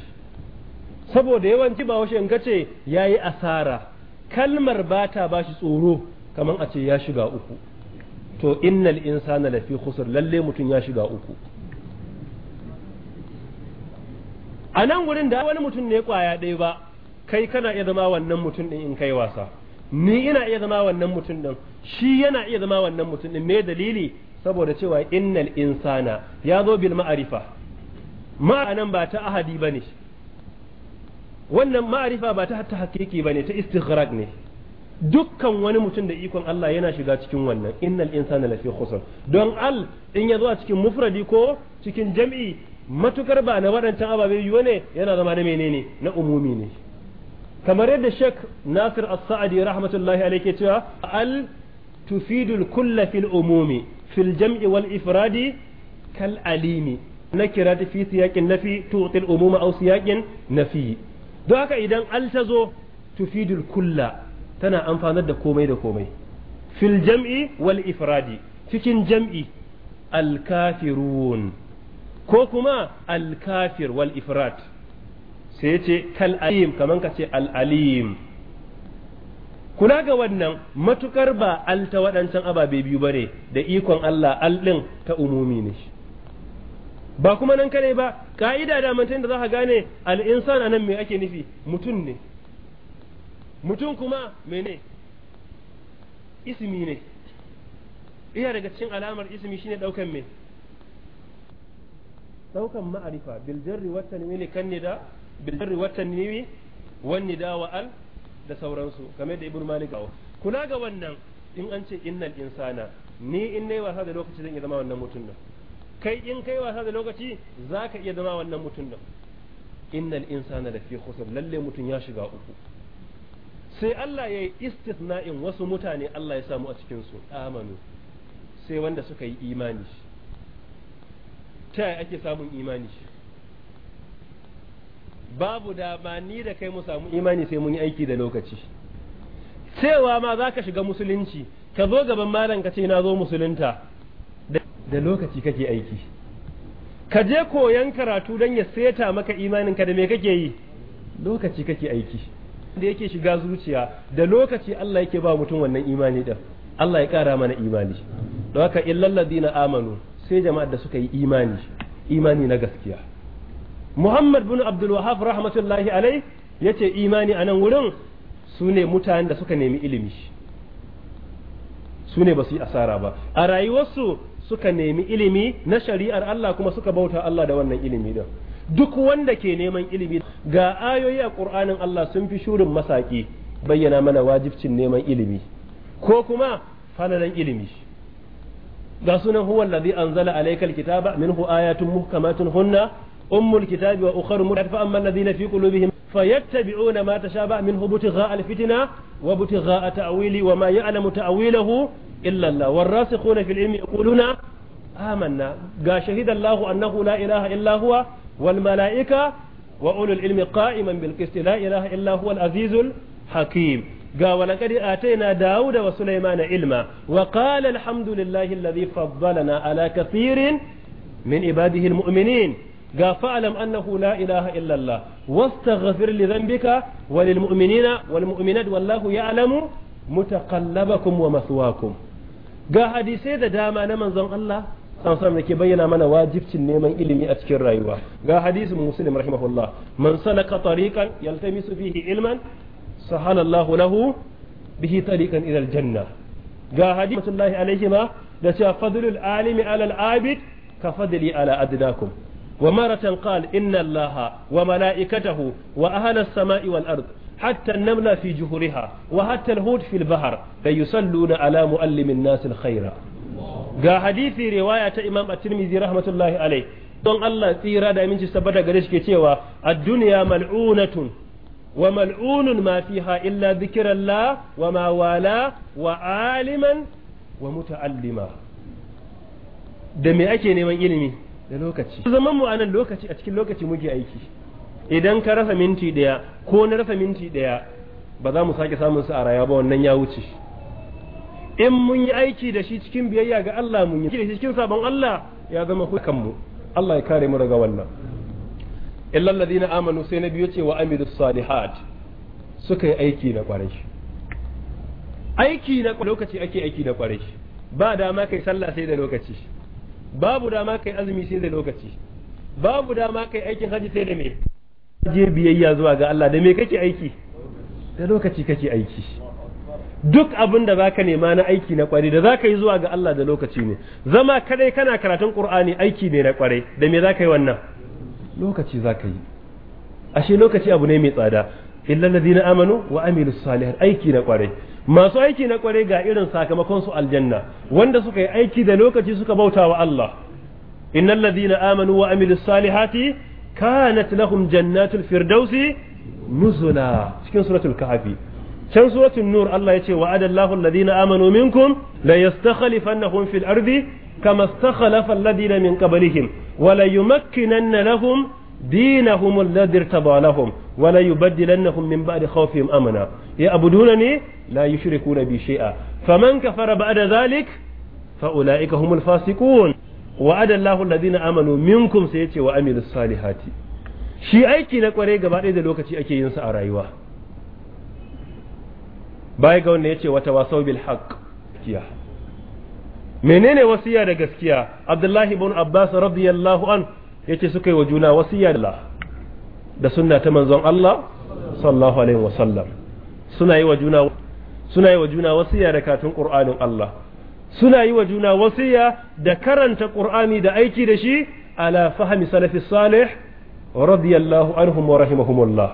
saboda yawanci ba washe in ce ya yi asara kalmar ba ta ba shi tsoro kamar a ce ya shiga uku to innal insana lafi khusr lalle mutum ya shiga uku a nan wurin da wani mutum ne kwaya ɗaya ba kai kana iya zama wannan mutum ɗin in kai wasa ni ina iya zama wannan mutum ɗin shi yana iya zama wannan mutum ɗin me dalili saboda cewa innal insana ya zo bil ma'arifa ma'anan ba ta ahadi bane wannan ma'arifa ba ta hatta hakiki ne ta istighraq ne dukkan wani mutum da ikon Allah yana shiga cikin wannan innal insana lafi khusr don al in ya zo a cikin mufradi ko cikin jam'i matukar ba na waɗancan ababe yiwu ne yana zama na menene na umumi ne kamar yadda shek Nasir As-Sa'di rahmatullahi alayhi ke cewa al tufidul kulla fil umumi fil jam'i wal ifradi kal alimi nakira ta fi siyakin nafi tu'til umuma aw siyakin nafi don haka idan al ta zo tufidul kulla tana amfanar da komai da komai fil jam'i wal ifradi cikin jam'i alkafirun ko kuma alkafir wal ifrad sai ya ce kal alim kaman ka ce al alim kula ga wannan matukar ba al ta waɗancan ababe biyu bare da ikon Allah al ta umumi ne ba kuma nan kare ba ka'ida da mantan da za ka gane al'insan a nan me ake nufi mutum ne mutum kuma mene ismi ne iya daga cikin alamar ismi shine ɗaukan me ɗaukan ma'arifa biljarri watan ne kan nida biljarri watan ne wani da wa al da sauransu kamar da ibnu malik kula ga wannan in an ce innal insana ni in nayi wasa da lokaci zan iya zama wannan mutum nan kai in kai wasa da lokaci zaka iya zama wannan mutum nan innal insana lafi khusr lalle mutum ya shiga uku sai Allah ya yi istithna'in wasu mutane Allah ya samu a cikin su amanu sai wanda suka yi imani ta ake samun imani babu dama ni da kai mu samu imani sai mun yi aiki da lokaci cewa ma za ka shiga musulunci ka zo gaban malam ka ce na zo musulunta da lokaci kake aiki ka je koyan karatu don ya seta maka imaninka da me kake yi lokaci kake aiki da yake shiga zuciya da lokaci Allah yake ba mutum wannan imani din Allah ya kara mana imani don haka illal ladina amanu sai jama'ar da suka yi imani imani na gaskiya Muhammad bin Abdul rahmatullahi alai ya ce imani a nan wurin su ne mutanen da suka nemi ilimi su ne ba su yi asara ba a rayuwarsu suka nemi ilimi na shari'ar Allah kuma suka bauta Allah da wannan ilimi din duk wanda ke neman ilimi ga ayoyi a Qur'anin Allah sun fi shurin masaki bayyana mana wajibcin neman ilimi ko kuma falalan ilimi ga sunan huwa allazi anzala alaykal kitaba minhu ayatun muhkamatun hunna أم الكتاب وأخر مرعب فأما الذين في قلوبهم فيتبعون ما تشابه منه بتغاء الفتنة وبتغاء تأويل وما يعلم تأويله إلا الله والراسخون في العلم يقولون آمنا قال شهد الله أنه لا إله إلا هو والملائكة وأولو العلم قائما بالقسط لا إله إلا هو العزيز الحكيم قال ولقد آتينا داود وسليمان علما وقال الحمد لله الذي فضلنا على كثير من عباده المؤمنين ga fa'alam annahu la ilaha illallah wastaghfir li dhanbika wa mu'minina wal mu'minat wallahu ya'lamu mutaqallabakum wa maswaakum ga hadisai da dama na manzon Allah sansan da ke bayyana mana wajibcin neman ilimi a cikin rayuwa ga hadisin muslim rahimahullah man salaka tariqan yaltamisu fihi ilman sahala Allahu lahu bihi tariqan ila aljanna ga hadisin Allah alaihi ma da cewa fadlul alimi ala abid ka fadli ala adnakum ومرة قال إن الله وملائكته وأهل السماء والأرض حتى النملة في جهورها وحتى الهود في البحر ليصلون على مؤلم الناس الخير ga hadisi riwaya ta Imam At-Tirmidhi rahmatullahi alai don Allah tsira da aminci sabata gare shi ke cewa ad-dunya mal'unatun wa mal'unun ma fiha illa dhikrallah wa ma wala wa aliman wa muta'allima da me ake neman ilimi da lokaci zaman mu anan lokaci a cikin lokaci muke aiki idan ka rasa minti daya ko na rasa minti daya ba za mu sake samun su a raya ba wannan ya wuce in mun yi aiki da shi cikin biyayya ga Allah mun yi da shi cikin sabon Allah ya zama hukan mu Allah ya kare mu daga wannan illa alladhina amanu sai nabi yace wa amilus salihat suka yi aiki da kwarai aiki na lokaci ake aiki da kwarai ba dama kai sallah sai da lokaci babu dama kai azumi sai da lokaci babu dama kai aikin haji sai da me je biyayya zuwa ga Allah da me kake aiki da lokaci kake aiki duk abin da zaka nema na aiki na kware da zaka yi zuwa ga Allah da lokaci ne zama kadai kana karatun Qur'ani aiki ne na kware da me zaka yi wannan lokaci zaka yi ashe lokaci abu ne mai tsada illal ladina amanu wa amilus salihat aiki na kware masu aiki na kware ga irin sakamakon su aljanna wanda suka yi aiki da lokaci suka bauta wa Allah innal ladina amanu wa amilus salihati kanat lahum jannatul firdausi nuzula cikin suratul kahfi can suratul nur Allah ce wa'ada Allahu alladhina amanu minkum la yastakhlifannahum fil ardi kama istakhlafa alladhina min qablihim wa la yumakkinanna lahum دينهم الذي ارتضى لهم ولا يبدلنهم من بعد خوفهم أمنا يعبدونني لا يشركون بي شيئا فمن كفر بعد ذلك فأولئك هم الفاسقون وعد الله الذين آمنوا منكم سيتي وعملوا الصالحات shi aiki na kware gaba ɗaya da lokaci ake yin sa a rayuwa baya ga wanda yace wata wasau bil haqq menene wasiya da gaskiya abdullahi ibn abbas radiyallahu an yace suka yi wa juna wasiyya da da sunna ta manzon Allah sallallahu alaihi wasallam suna yi wa juna suna yi wa juna wasiyya da katun qur'anin Allah suna yi wa juna wasiyya da karanta qur'ani da aiki da shi ala fahmi salafi salih radiyallahu anhum wa rahimahumullah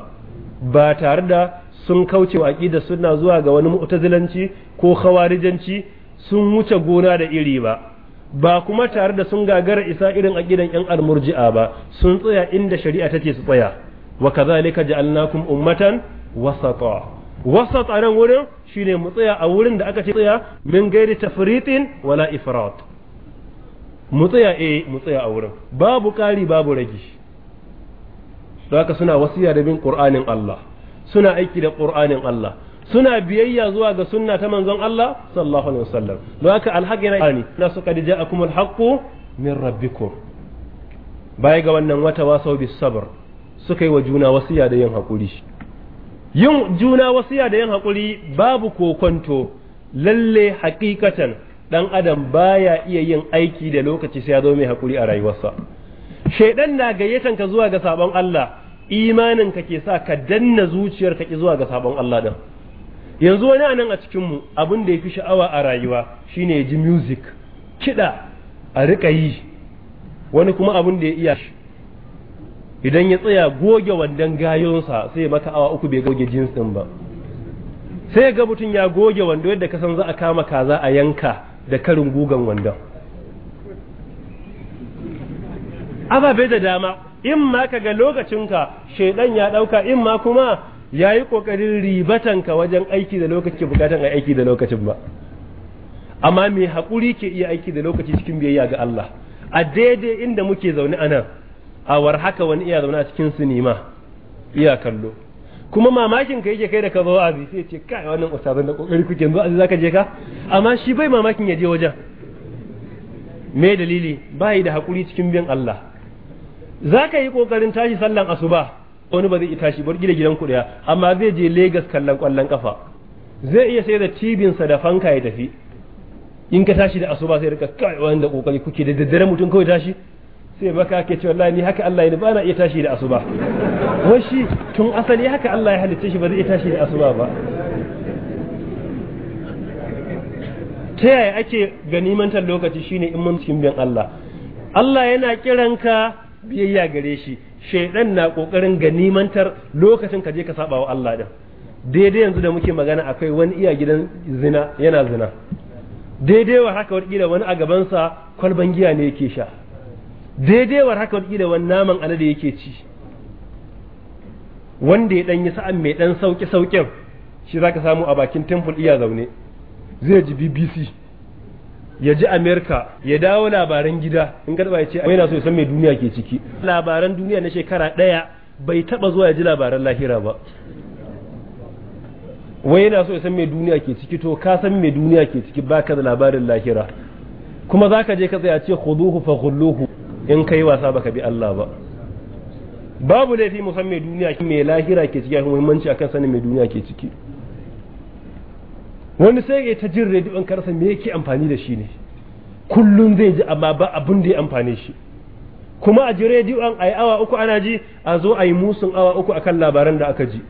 ba tare da sun kauce wa aqida sunna zuwa ga wani mu'tazilanci ko khawarijanci sun wuce gona da iri ba ba kuma tare da sun gagara isa irin aqidan yan almurji'a ba sun tsaya inda shari'a take su tsaya wa kadhalika ja'alnakum ummatan wasata wasata ran nan wurin shine mu tsaya a wurin da aka ce tsaya min gairi tafritin wala ifrat mu tsaya eh mu tsaya a wurin babu kari babu ragi haka suna wasiya da bin qur'anin Allah suna aiki da qur'anin Allah suna biyayya zuwa ga sunna ta manzon Allah sallallahu alaihi wasallam don haka alhaqi na na suka da ja'akum alhaq min rabbikum bai ga wannan wata wasa bi sabr suka yi wa juna wasiya da yin hakuri yin juna wasiya da yin hakuri babu kokonto lalle hakikatan dan adam baya iya yin aiki da lokaci sai ya zo mai hakuri a rayuwarsa shaidan na gayyatan ka zuwa ga sabon Allah imanin ka ke sa ka danna zuciyar ka ki zuwa ga sabon Allah din yanzu wani anan a cikinmu abin da ya fi sha'awa a rayuwa shine ya ji music kiɗa a riƙa yi wani kuma abin da ya iya idan ya tsaya goge wandan gayonsa sai maka awa uku bai goge jinsin ba sai ga mutum ya goge wando yadda ka san za a kama kaza a yanka da karin gugan wandan. ababe da dama in ma ka ga lokacinka shaidan ya ɗauka in ma kuma ya yi ƙoƙarin ribatanka wajen aiki da lokaci bukatan a aiki da lokacin ba amma mai haƙuri ke iya aiki da lokaci cikin biyayya ga Allah a daidai inda muke zaune a nan a war haka wani iya zaune a cikin sinima iya kallo kuma mamakin ka yake kai da ka zo azi sai ce kai wannan ustazan da kokari kuke yanzu za zaka je ka amma shi bai mamakin ya je wajen me dalili bai da haƙuri cikin biyan Allah zaka yi ƙoƙarin tashi sallan asuba wani ba zai iya tashi bar gida gidan ku amma zai je Legas kallon ƙwallon ƙafa, zai iya sai da tibinsa da fanka ya tafi in ka tashi da asuba sai rika kai wanda kokari kuke da daddare mutum kawai tashi sai maka ke cewa wallahi ni haka Allah ya ba na iya tashi da asuba wai shi tun asali haka Allah ya halicce shi ba zai iya tashi da asuba ba ta yaya ake ganimantar lokaci shine in mun cikin bin Allah Allah yana kiranka biyayya gare shi shaidan na kokarin ganimantar lokacin ka je ka saba wa Allah din daidai yanzu da muke magana akwai wani iya gidan zina yana zina daidai wa haka wani a gabansa kwalban giya ne yake sha daidai wa haka wani naman da yake ci wanda ya danyi sa'an mai ɗan sauki saukin shi zaka samu a bakin temple iya zaune zai ji bbc ya ji amerika ya dawo labaran gida in karba ya ce mai na so ya san mai duniya ke ciki labaran duniya na shekara ɗaya bai taba zuwa ya ji labaran lahira ba wai yana so ya san mai duniya ke ciki to ka san mai duniya ke ciki ka da labarin lahira kuma za ka je ka tsaya ce khuduhu fa khulluhu in kai wasa ka bi Allah ba babu laifi mu san mai duniya mai lahira ke ciki muhimmanci akan sanin mai duniya ke ciki wani sai ya ta jin rediyon karsa me yake amfani da shi ne kullum zai ji amma ba abin da ya amfane shi kuma a ji rediyon a yi awa uku ana ji a zo a yi musun awa uku akan labaran da aka ji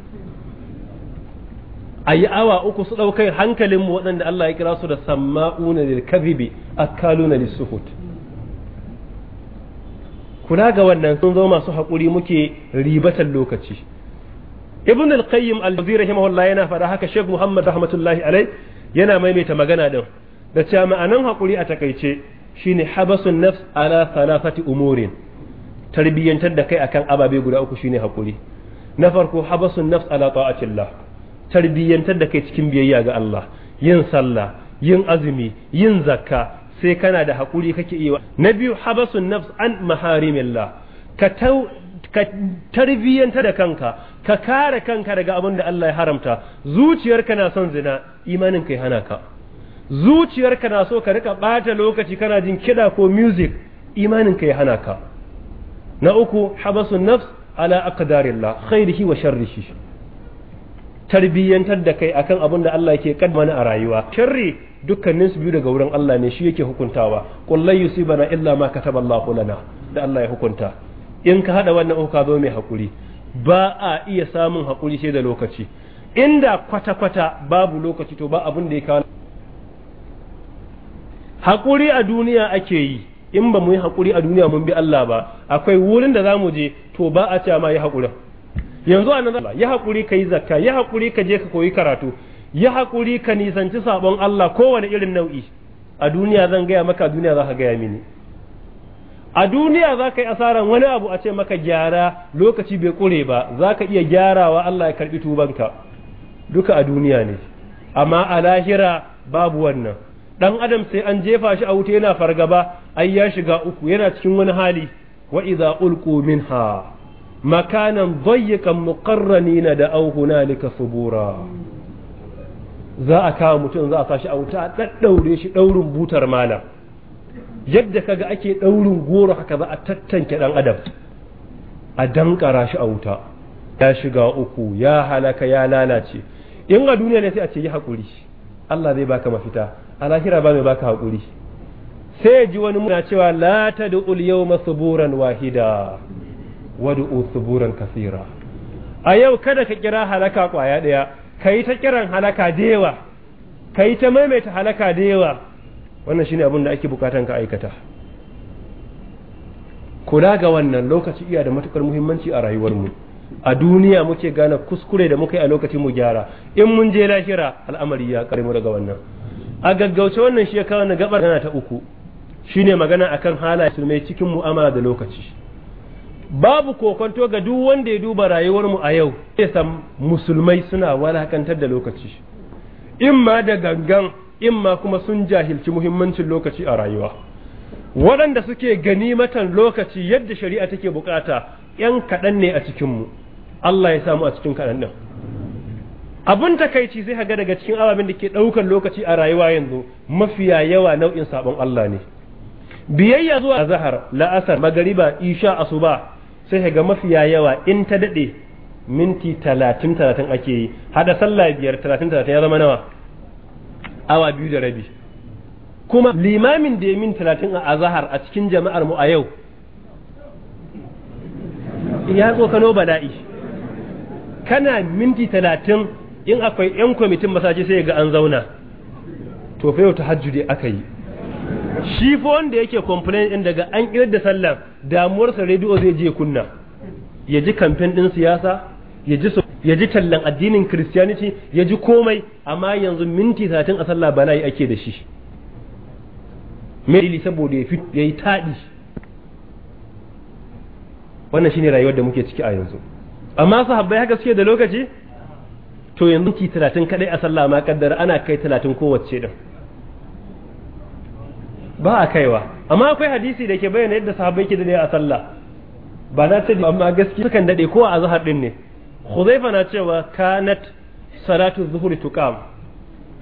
a yi awa uku su ɗaukai hankalinmu waɗanda Allah ya kira su da na lil kadhibi akaluna na suhut kula ga wannan sun zo masu haƙuri muke ribatan lokaci ibn al-qayyim al-jawzi rahimahullah yana faɗa haka sheikh muhammad rahmatullahi alai yana maimaita magana din da cewa ma'anan hakuri a takaice shine habasun nafs ala thalathati umurin tarbiyyantar da kai akan ababe guda uku shine hakuri na farko habasun nafs ala ta'atillah tarbiyyantar da kai cikin biyayya ga Allah yin sallah yin azumi yin zakka sai kana da hakuri kake iya na biyu habasun nafs an maharimillah ka tarbiyyantar da kanka ka kare kanka daga abin da Allah ya haramta zuciyarka na son zina imanin kai hana ka zuciyarka na so ka rika bata lokaci kana jin kiɗa ko music imanin kai hana ka na uku habasu nafs ala aqdarillah khairihi wa sharrihi tarbiyyantar da kai akan abin da Allah yake kaddamana a rayuwa sharri dukkanin su biyu daga wurin Allah ne shi yake hukuntawa qul la yusibana illa ma kataballahu lana da Allah ya hukunta in ka hada wannan ka zo mai hakuri ba a iya samun haƙuri sai da lokaci inda kwata-kwata babu lokaci to ba abin da ya kawo haƙuri a duniya ake yi in ba mu yi haƙuri a duniya mun bi Allah ba akwai wurin da za mu je to ba a cewa ma yi yanzu anan ya haƙuri ka yi zakka ya haƙuri ka je ka koyi karatu ya haƙuri ka nisanci sabon Allah kowane irin nau'i a duniya zan gaya maka a duniya za ka gaya mini a duniya za ka yi asaran wani abu a ce maka gyara lokaci bai ƙure ba za ka iya gyarawa Allah ya karbi tubanka duka a duniya ne amma a lahira babu wannan dan adam sai an jefa shi a wuta yana fargaba ai ya shiga uku yana cikin wani hali wa idza ulqu minha makanan dayyakan muqarranina da au hunalika subura za a kawo mutum za a sashi a wuta a daddaure shi daurin butar malam yadda kaga ake ɗaurin goro haka za a tattanke ɗan adam a dankara shi a wuta ya shiga uku ya halaka ya lalace in a duniya ne sai a ce yi haƙuri Allah zai baka mafita a lahira ba mai baka haƙuri sai ji wani muna cewa la ta du'ul yawma suburan wahida wa du'u suburan kasira a yau kada ka kira halaka kwaya daya kai ta kiran halaka da yawa kai ta maimaita halaka da yawa wannan shine abin da ake bukatan ka aikata kula ga wannan lokaci iya da matukar muhimmanci a rayuwarmu a duniya muke gane kuskure da muka yi a lokacin mu gyara in mun je lahira al'amari ya kare mu daga wannan a gaggauce wannan shi ya kawo na gabar ta uku shine magana akan halaye mai cikin mu'amala da lokaci babu kokonto ga duk wanda ya duba rayuwarmu a yau sai san musulmai suna walakantar da lokaci in ma da gangan imma kuma sun jahilci muhimmancin lokaci a rayuwa waɗanda suke gani matan lokaci yadda shari'a take bukata yan kaɗan ne a cikinmu Allah ya samu a cikin kaɗan ɗin abin takaici sai ga daga cikin ababen da ke ɗaukar lokaci a rayuwa yanzu mafiya yawa nau'in sabon Allah ne biyayya zuwa zahar la'asar magariba isha asuba sai ga mafiya yawa in ta daɗe minti talatin talatin ake yi hada sallah biyar talatin talatin ya zama nawa awa biyu da rabi kuma limamin da ya min talatin a azahar a cikin jama'ar mu a yau ya tsokano bala'i kana minti talatin in akwai 'yan kwamitin masaje sai ga an zauna to fa yau tahajjudi aka yi shi fa wanda yake complain din daga an kirar da sallah damuwarsa rediyo zai je kunna ya ji kamfen din siyasa ya ji ya ji tallan addinin christianity ya ji komai amma yanzu minti talatin a sallah bala'i ake da shi mai saboda ya yi taɗi wannan shine rayuwar da muke ciki a yanzu amma sahabbai haka suke da lokaci to yanzu minti talatin kadai a sallah ma kaddara ana kai talatin kowace din ba a kaiwa amma akwai hadisi da ke bayyana yadda sahabbai ke da a sallah ba na ce amma gaskiya sukan dade ko a azhar din ne Khuzaifa na cewa kanat salatu zuhuri tuqam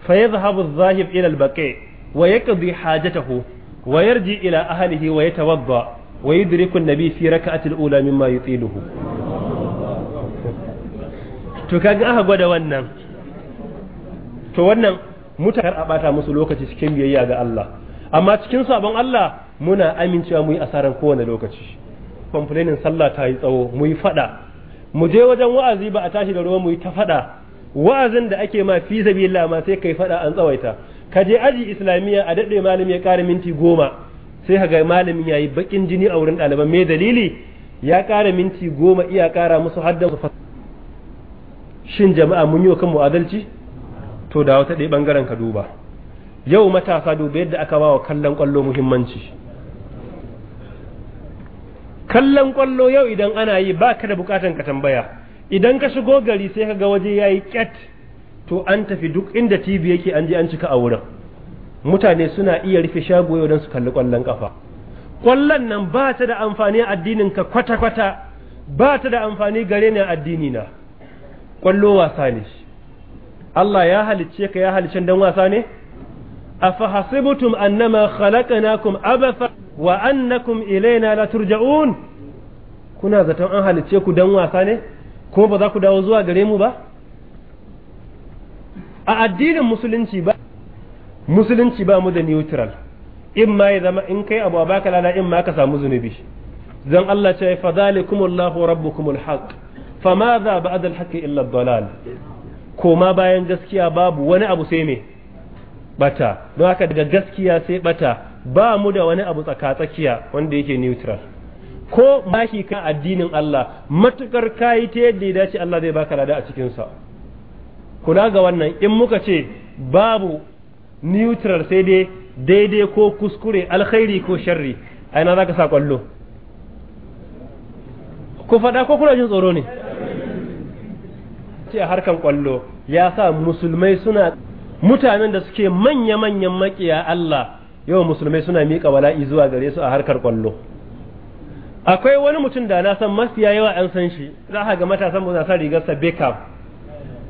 fa yadhhabu adh-dhahib ila al-baqi wa yaqdi hajatahu wa yarji ila ahlihi wa yatawadda wa yudriku an-nabi fi rak'ati al-ula mimma yutiluhu to kaga aka gwada wannan to wannan mutakar a bata musu lokaci cikin biyayya ga Allah amma cikin sabon Allah muna amincewa mu yi asaran kowane lokaci complaining sallah ta yi tsawo mu yi fada mu je wajen wa'azi ba a tashi da ruwa mu yi ta faɗa wa'azin da ake ma fi sabilillah ma sai kai faɗa an tsawaita ka je aji islamiyya a daɗe malami ya ƙara minti goma sai ka ga malamin yayi bakin jini a wurin ɗaliban me dalili ya ƙara minti goma iya ƙara musu haddan su shin jama'a mun yi wa kanmu adalci to da wata ɗaya ɓangaren ka duba yau matasa duba yadda aka ba wa kallon ƙwallo muhimmanci kallon kwallo yau idan ana yi ba ka da bukatan ka tambaya idan ka shigo gari sai ka ga waje ya yi ƙyat to an tafi duk inda tv yake an je an cika a wurin mutane suna iya rufe shago yau don su kalli kwallon kafa kwallon nan ba ta da amfani addinin ka kwata-kwata ba ta da amfani gare ni addini na kwallo wasa ne Allah ya halicce ka ya halicce dan wasa ne أفحسبتم أنما خلقناكم أبثا وأنكم إلينا لا ترجعون kuna zaton an halicce ku dan wasa ne kuma ba za ku dawo zuwa gare mu ba a addinin musulunci ba musulunci ba mu da neutral in ma zama in kai abu ba ka lada in ma ka samu zunubi zan Allah ce fa zalikumullahu rabbukumul haqq fa ma za ba'da al-haqqi illa ad-dalal koma bayan gaskiya babu wani abu sai me bata don haka daga gaskiya sai bata ba mu da wani abu tsaka-tsakiya wanda yake neutral ko mashi kan addinin Allah matukar kayi ta yadda ya dace Allah zai baka lada a cikinsa kula ga wannan in muka ce babu neutral sai dai daidai ko kuskure alkhairi ko sharri aina za ka sa kwallo ku faɗa ko kuna jin tsoro ne ce harkan kwallo ya sa musulmai suna mutanen da suke manya-manyan makiya Allah yau musulmai suna miƙa bala'i zuwa gare su a harkar kwallo akwai wani mutum da na san mafiya yawa an san shi za ka ga matasan mu sa rigarsa Beckham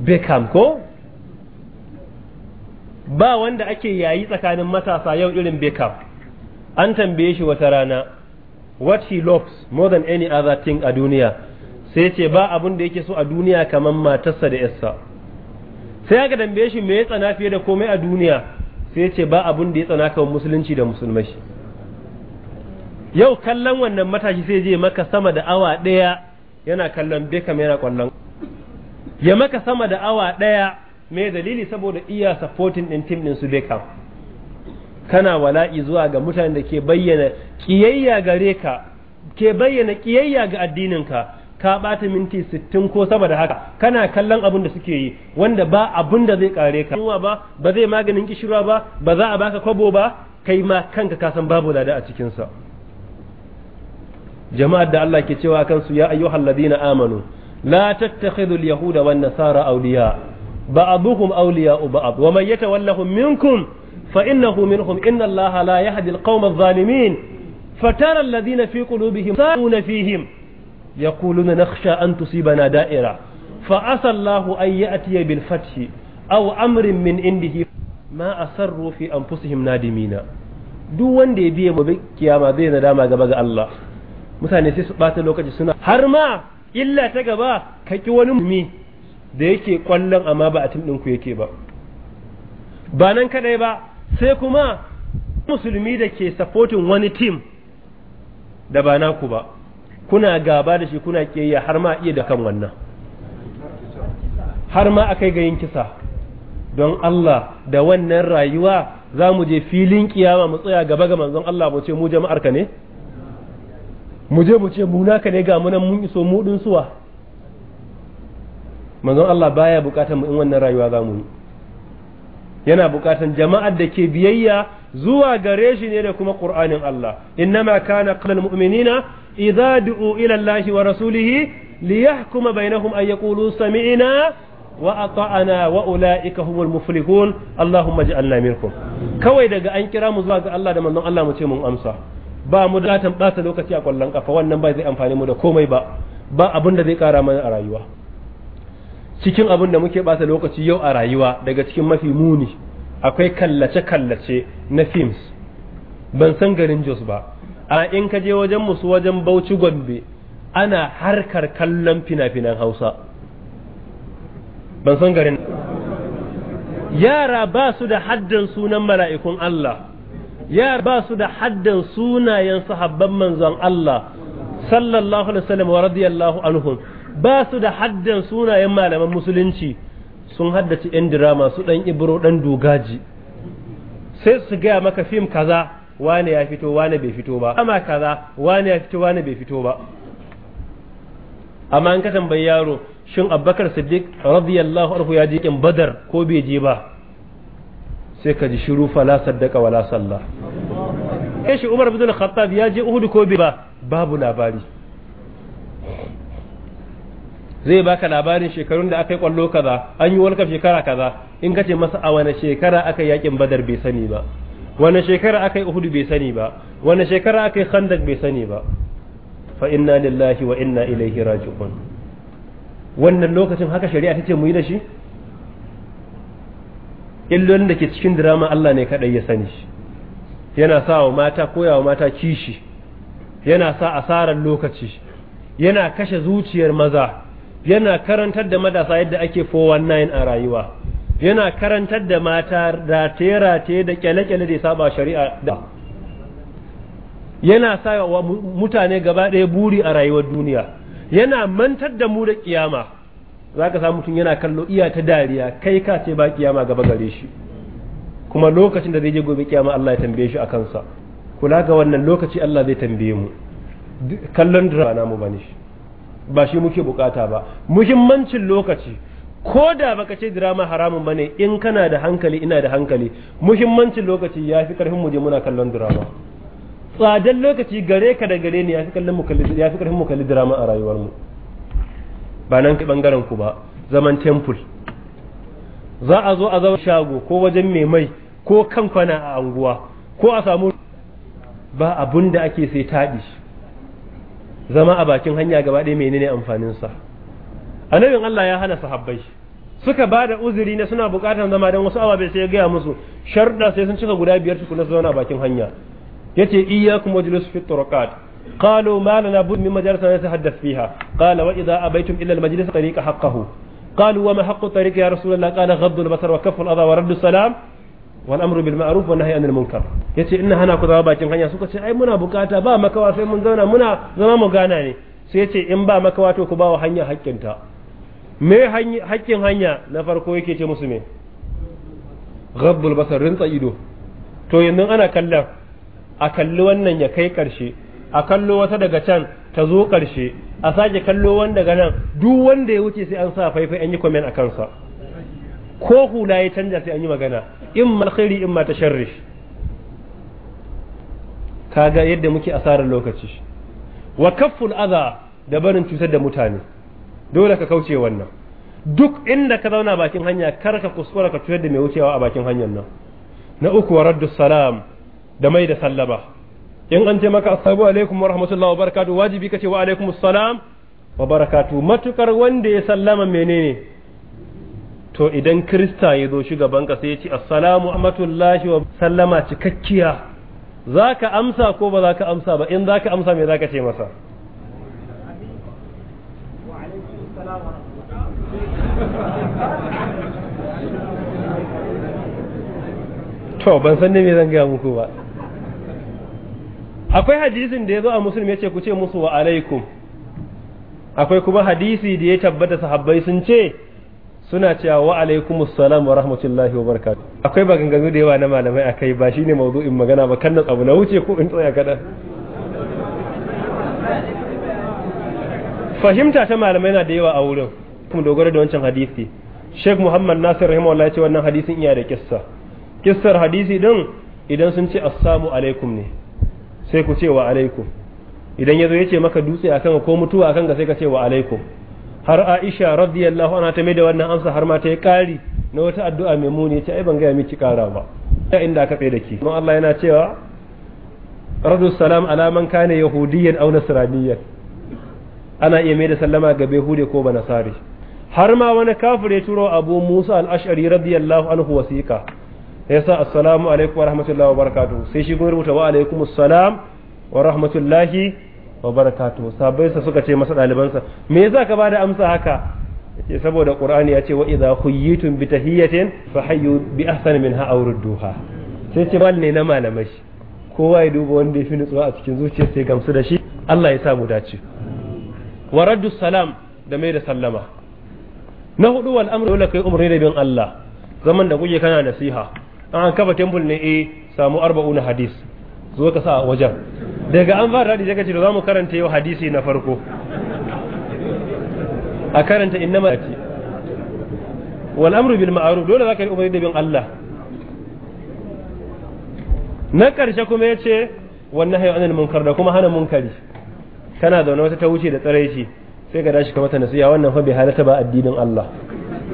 Beckham ko ba wanda ake yayi tsakanin matasa yau irin Beckham an tambaye shi wata rana what he loves more than any other thing a duniya sai ce ba abin da yake so a duniya kamar matarsa da yarsa sai aka dambe shi me ya tsana fiye da komai a duniya sai ce ba abun da ya tsana kan musulunci da musulmai yau kallon wannan matashi sai je maka sama da awa ɗaya yana kallon bekam yana kwallon ya maka sama da awa ɗaya mai dalili saboda iya supporting din team din su bekam kana wala'i zuwa ga mutane da ke bayyana kiyayya gare ka ke bayyana kiyayya ga addininka ka bata minti sittin ko sama da haka kana kallon abin da suke yi wanda ba abin da zai kare ka yunwa ba ba zai maganin kishirwa ba ba za a baka kwabo ba kai ma kanka ka san babu lada a cikin sa jama'ar da Allah ke cewa kansu ya ayyuhal ladina amanu la tattakhidhu al-yahuda wan nasara awliya ba'dhuhum awliya'u ba'd wa man yatawallahum minkum fa innahu minhum inna Allah la yahdi al-qawma adh-dhalimin فترى الذين في قلوبهم ساءون فيهم yaquluna nakhsha an tusibana da'ira fa asallahu a tiya bil fathi au amrin min indihi ma asarru fi anfusihim duk wanda ya biye mu kiyama zai nadama gaba ga Allah mutane sai su bata lokaci suna har ma illa ta gaba ka ki wani mumi da yake kwallon amma ba a tim ku yake ba ba nan kadai ba sai kuma musulmi da ke supporting wani tim da ba naku ba kuna gaba da shi kuna kiyayya har ma iya da kan wannan har ma akai ga yin kisa don Allah da wannan rayuwa za mu je filin kiyama mu tsaya gaba ga manzon Allah mu ce mu jama'ar ka ne mu je mu ce mu naka ne ga munan mun iso mu din suwa manzon Allah baya bukatar mu in wannan rayuwa za mu yana bukatan jama'ar da ke biyayya zuwa gare shi ne da kuma qur'anin Allah innama kana qalal mu'minina idza du'u ila Allahi wa rasulihi liyahkuma bainahum ay yaqulu sami'na wa ata'na wa ulaika humul muflihun allahumma ij'alna minkum kawai daga an kira mu zuwa ga Allah da manzon Allah mu ce mun amsa ba mu da tan bata lokaci a kwallon kafa wannan ba zai amfani mu da komai ba ba abin da zai kara mana a rayuwa cikin abin da muke bata lokaci yau a rayuwa daga cikin mafi muni akwai kallace-kallace na films ban san garin Jos ba a in ka je wajen musu wajen Bauchi Gombe ana harkar kallon fina-finan Hausa ban san garin yara ba su da haddan sunan mala'ikun Allah yara ba su da haddan sunayen sahabban manzon Allah sallallahu alaihi wasallam wa radiyallahu anhum ba su da haddan sunayen malaman musulunci sun haddace 'yan dirama su ɗan ibro ɗan dogaji sai su gaya maka fim kaza wane ya fito wane bai fito ba ama kaza wane ya fito wane bai fito ba amma an ka tambayi yaro shin abbakar siddiq radiyallahu anhu ya je kin badar ko bai je ba sai ka ji shiru fala saddaka wala sallah kai shi umar ibn khattab ya je uhud ko bai ba babu labari zai baka labarin shekarun da aka yi kwallo kaza an yi wanka shekara kaza in ka ce masa a wani shekara aka yakin badar bai sani ba wani shekara aka yi uhudu bai sani ba wani shekara aka yi khandak bai sani ba fa inna lillahi wa inna ilaihi raji'un wannan lokacin haka shari'a ta ce mu yi da shi illolin da ke cikin drama Allah ne kadai ya sani shi yana sa wa mata koya wa mata kishi yana sa asarar lokaci yana kashe zuciyar maza yana karantar da matasa yadda ake 419 a rayuwa yana karantar da mata rataye-rataye da kyale-kyale da ya saba shari'a da yana sa wa mutane gaba ɗaya buri a rayuwar duniya yana mantar da mu da kiyama za ka samu mutum yana kallo iya ta dariya kai ka ce ba kiyama gaba gare shi kuma lokacin da zai je gobe kiyama Allah ya tambaye shi a kansa kula ga wannan lokaci Allah zai tambaye mu kallon da rana mu bane shi ba shi muke bukata ba muhimmancin lokaci ko da baka ce dirama haramun bane in kana da hankali ina da hankali muhimmancin lokaci ya fi karfin mu muna kallon dirama tsadan lokaci gare ka da gare ni ya fi karfin mu kalli dirama a rayuwar mu ba nan ka bangaren ku ba zaman temple za a zo a zama shago ko wajen mai mai ko kan kwana a anguwa ko a samu ba abun da ake sai taɗi zama a bakin hanya gaba ɗaya menene amfaninsa annabin Allah ya hana sahabbai suka ba da uzuri na suna buƙatar zama don wasu awa bai sai ya gaya musu sharɗa sai sun cika guda biyar tukuna a bakin hanya ya ce iya kuma majalis fi turakat qalu ma lana bud min majalis na yatahaddas fiha qala wa idha abaytum illa al majlis tariqa haqqahu qalu wa ma haqqu tariqa ya rasulullah qala ghaddu al basar wa kaffu al adha wa raddu salam wal amru bil ma'ruf wa nahyi anil munkar yace inna hana ku zama bakin hanya suka ce ai muna bukata ba makawa sai mun zauna muna zama mu gana ne sai yace in ba makawa to ku ba wa hanya hakkinta me hakkin hanya na farko yake ce musu me ghabbul basar rinsa ido to yanzu ana kallon a kalli wannan ya kai karshe a kallo wata daga can ta zo karshe a sake kallo wanda ganan nan duk wanda ya wuce sai an sa faifai an yi comment a kansa ko hula ya canja sai an yi magana in malkhairi in ma tasharrif kaga yadda muke asarar lokaci wa kafful adha da barin cutar da mutane dole ka kauce wannan duk inda ka zauna bakin hanya kar ka kuskura ka cutar da mai wucewa a bakin hanyar nan na uku wa raddu salam da mai da sallaba in an ce maka assalamu alaikum wa rahmatullahi wa barakatuh wajibi kace wa alaikum assalam wa barakatuh matukar wanda ya sallama menene to idan krista ya zo shi gaban ka sai ya ce assalamu amatullahi wa sallama cikakkiya za ka amsa ko ba za ka amsa ba in za ka amsa me za ka ce masa to ban san ne me zan gaya muku ba akwai hadisin da ya zo a musulmi ya ce ku ce musu wa alaikum akwai kuma hadisi da ya tabbata sahabbai sun ce suna cewa wa alaikumus salam wa rahmatullahi wa barakatuh akwai maganganu da yawa na malamai akai ba shine mawdu'in magana ba kan abu na wuce ko in tsaya kada fahimta ta malamai na da yawa a wurin kuma dogara da wancan hadisi Sheikh Muhammad Nasir rahimahullah ya ce wannan hadisin iya da kissa kissar hadisi din idan sun ce assalamu alaikum ne sai ku ce wa alaikum idan yazo yace maka dutse akan ko mutuwa akan ga sai ka ce wa alaikum har Aisha radiyallahu anha ta mai da wannan amsa har ma ta yi kari na wata addu'a mai muni ta ai ban ga miki kara ba ta inda ka tsaye da ke don Allah yana cewa radu salam ala man kana yahudiyyan aw nasraniyyan ana iya mai da sallama ga hude ko banasari har ma wani ya turo abu Musa al-Ash'ari radiyallahu anhu wasiqa yasa assalamu alaikum wa rahmatullahi wa barakatuh sai shi gurbuta rubuta wa alaikumus salam wa rahmatullahi wa barakatu sabai sa suka ce masa ɗalibansa me yasa ka bada amsa haka yace saboda qur'ani ya ce wa idza khuyyitum bi tahiyatin fa hayyu bi ahsani minha aw rudduha sai ce mal ne na malamai kowa ya duba wanda ya fi nutsuwa a cikin zuciya sai gamsu da shi Allah ya sa mu dace wa raddu salam da mai da sallama na hudu wal amru laka kai umri da bin Allah zaman da kuke kana nasiha an kafa temple ne eh samu arba'una hadis zo ka sa wajen daga an fara hadisi kace to zamu karanta yau hadisi na farko a karanta innama ati wal amru bil ma'ruf dole zaka yi umarni da bin Allah na karshe kuma yace wannan hayu anil munkar da kuma hana munkari kana zaune wata ta wuce da shi sai ka dashi ka mata nasiya wannan fa bai halatta ba addinin Allah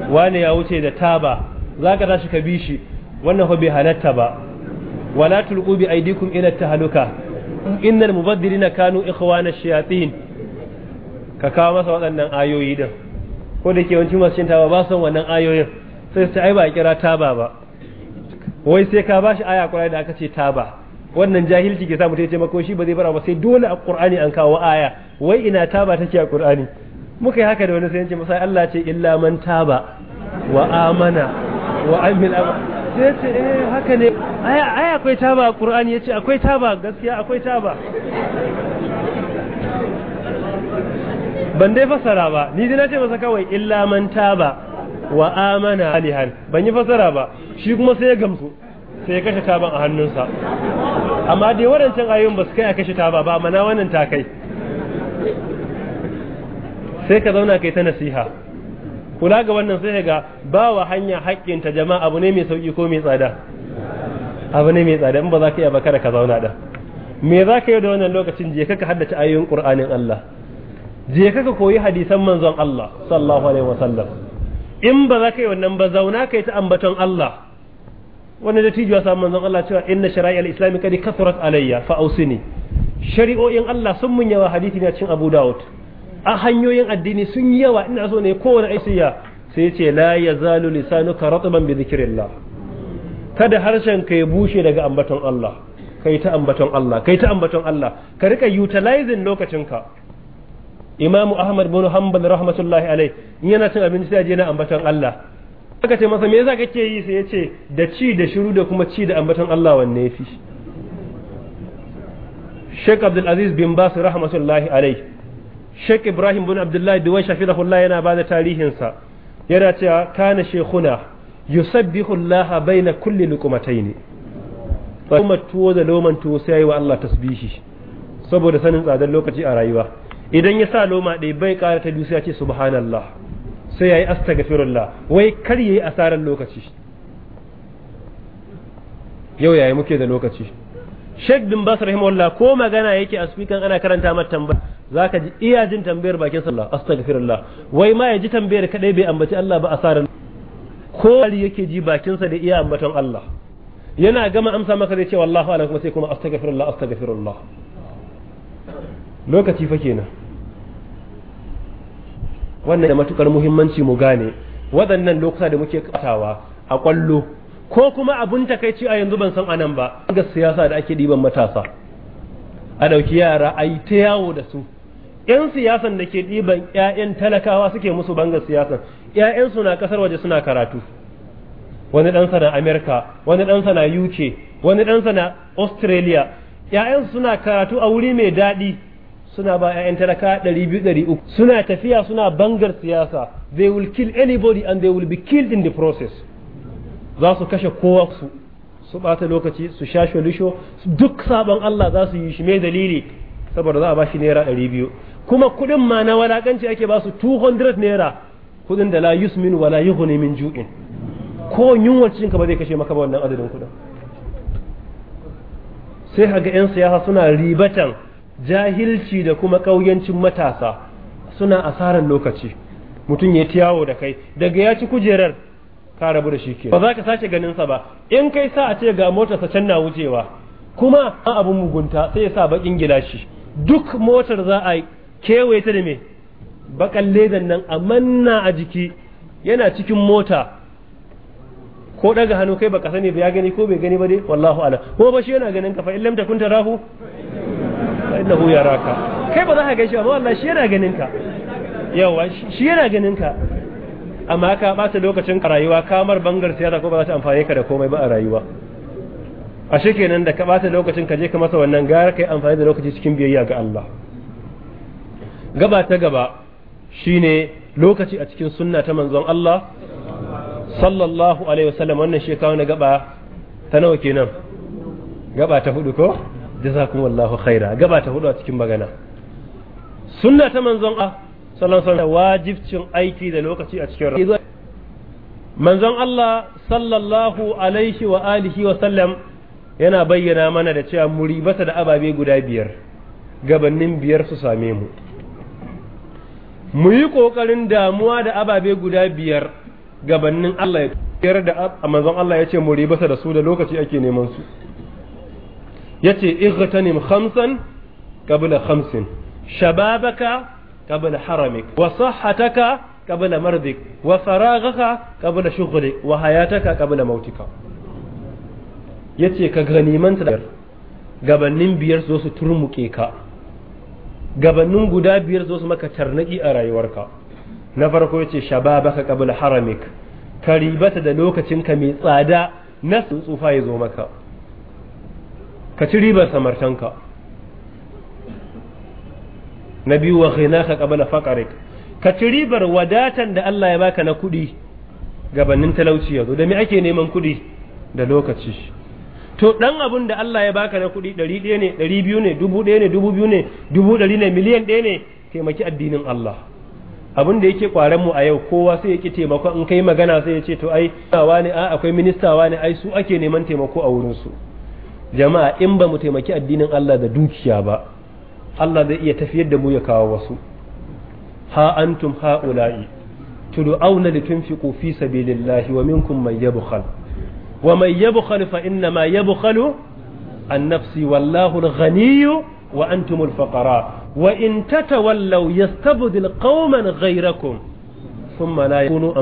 wani ya wuce da taba zaka dashi ka bi shi wannan fa bai halatta ba wala tulqu bi aidikum ila tahaluka innal mubaddirina kanu ikhwana shayatin ka kawo masa waɗannan ayoyi din ko da ke wanci masu cin ba ba son wannan ayoyin sai su ai ba kira taba ba wai sai ka bashi aya kurai da aka ce taba wannan jahilci ke sa mutum ya ce mako shi ba zai fara ba sai dole a qur'ani an kawo aya wai ina taba take a qur'ani muka yi haka da wani sai ya ce masa Allah ce illa man taba wa amana wa amil sai ya ce eh haka ne ai akwai taba a ya akwai taba gaskiya akwai taba ban dai fasara ba ni dai na ce masa kawai illa man taba wa amana alihan ban yi fasara ba shi kuma sai ya gamsu sai ya kashe taban a hannunsa amma dai waɗancan ayoyin ba su kai a kashe taba ba mana wannan ta sai ka zauna kai ta nasiha kula ga wannan sai ga ba wa hanya haƙƙin ta jama'a abu ne mai sauki ko mai tsada abu ne mai tsada in ba za ka iya bakara ka zauna da me za ka yi da wannan lokacin je ka haddace ayoyin qur'anin Allah je ka koyi hadisan manzon Allah sallallahu alaihi wasallam in ba za ka yi wannan ba zauna ka yi ta ambaton Allah wannan da tijuwa sa manzon Allah cewa inna shara'i al-islam kadi kathurat alayya fa ausini shari'o'in Allah sun mun yawa hadisi ne a cikin Abu Dawud a hanyoyin addini sun yi yawa ina so ne kowane aisiya sai ce la ya zalu ka ratban bi la. kada harshen ka ya bushe daga ambaton Allah kai ta ambaton Allah kai ta ambaton Allah ka rika utilizing lokacinka imamu ahmad bin hanbal rahmatullahi alai yana cin abinci sai na ambaton Allah aka ce masa me yasa kake yi sai ya ce da ci da shiru da kuma ci da ambaton Allah wanne yafi Sheikh Abdul Aziz bin Bas rahmatullahi alai Sheikh Ibrahim bin Abdullahi Duwai Allah yana bada tarihinsa yana cewa kana shekuna yusabbihu Allah baina kulli luqmataini kuma tuwo da loman tuwo sai wa Allah tasbihi saboda sanin tsadar lokaci a rayuwa idan ya sa loma dai bai kara ta biyu ya ce subhanallah sai ya yi astaghfirullah wai kar yayi asarar lokaci yau yayi muke da lokaci Sheikh bin Basrahim rahimahullah ko magana yake a speaker ana karanta mata tambaya zaka ji iya jin tambayar bakin sallah astaghfirullah wai ma ya ji tambayar kadai bai ambaci Allah ba sarin ko wani yake ji bakinsa da iya ambaton Allah yana gama amsa maka zai ce wallahu ala kuma sai kuma astaghfirullah astaghfirullah lokaci fa kenan wannan da matukar muhimmanci mu gane waɗannan lokuta da muke katawa a kwallo ko kuma abun takaici a yanzu ban san anan ba ga siyasa da ake diban matasa a ɗauki yara a yi ta yawo da su 'yan siyasan da ke ɗiban 'ya'yan talakawa suke musu bangar siyasan 'ya'yansu na ƙasar waje suna karatu wani ɗansa na amerika wani ɗansa na uk wani ɗansa na australia ‘ya'yan suna karatu a wuri mai daɗi suna ba ‘ya'yan talaka ɗari biyu ɗari uku suna tafiya suna bangar siyasa they will kill anybody and they will be killed in the process za su kashe kowa su su ɓata lokaci su sha sholisho duk sabon allah za su yi shi mai dalili saboda za a ba shi naira ɗari biyu kuma kuɗin ma na walakanci ake ba su 200 naira kuɗin da la yusmin wala yughni min ju'in ko yunwar ka ba zai kashe maka ba wannan adadin kuɗin sai ga 'yan siyasa suna ribatan jahilci da kuma ƙauyancin matasa suna asaran lokaci mutum ya tiyawo da kai daga ya ci kujerar ka rabu da shi ke ba za ka sace ganinsa ba in kai sa a ce ga motarsa can na wucewa kuma abun mugunta sai ya sa bakin gilashi duk motar za a kewaye ta da me bakan ledan nan a manna a jiki yana cikin mota ko daga hannu kai baka sani ba ya gani ko bai gani ba dai wallahu ala ko ba shi yana ganin ka fa illam takun tarahu fa innahu yaraka kai ba za ka gaishe ba wallahi shi yana ganin ka yawa shi yana ganin ka amma ka bata lokacin ka rayuwa kamar bangar siyasa ko ba za ta amfane ka da komai ba a rayuwa a kenan da ka bata lokacin ka je ka masa wannan gara kai amfani da lokaci cikin biyayya ga Allah gaba ta gaba shine lokaci a cikin sunna ta manzon Allah sallallahu alaihi wasallam wannan shekara na gaba ta nawa kenan gaba ta hudu ko jazakumullahu khaira gaba ta hudu a cikin magana sunna ta manzon Allah sallallahu alaihi wasallam wajibcin aiki da lokaci a cikin manzon Allah sallallahu alaihi wa alihi wa sallam yana bayyana mana da cewa muribata da ababe guda biyar gabanin biyar su same mu mu yi ƙoƙarin damuwa da ababe guda biyar gabanin Allah ya biyar da manzon Allah ya ce mu ribasa da su da lokaci ake neman su ya ce ightanim khamsan qabla khamsin shababaka qabla haramik wa sahhataka qabla mardik wa faraghaka qabla shughlik wa hayataka qabla mautika yace ka ganimanta gabanin biyar zo su turmuke ka gabanin guda biyar zo su maka tarnaki a rayuwarka na farko yace shababaka qabla haramik ka ribata da lokacinka mai tsada na tsufa ya zo maka ka ci ribar samartanka na biyu wa ghinaka qabla faqrik ka ci ribar wadatan da Allah ya baka na kudi gabanin talauci yazo da me ake neman kudi da lokaci to dan abun da Allah ya baka na kuɗi ɗari ɗaya ne ɗari biyu ne dubu ne dubu biyu ne dubu ɗari ne miliyan ɗaya ne taimaki addinin Allah abin da yake kwaren mu a yau kowa sai yake taimako in kai magana sai ya ce to ai ne a akwai minista wani ai su ake neman taimako a wurin su jama'a in ba mu taimaki addinin Allah da dukiya ba Allah zai iya tafiyar da mu ya kawo wasu ha antum haula'i auna litunfiqu fi sabilillahi wa minkum man yabkhal wa man yabkhalu fa inna ma yabkhalu an nafsi wa antumul faqara wa in tatawallaw yastabdil qauman ghayrakum thumma la yakunu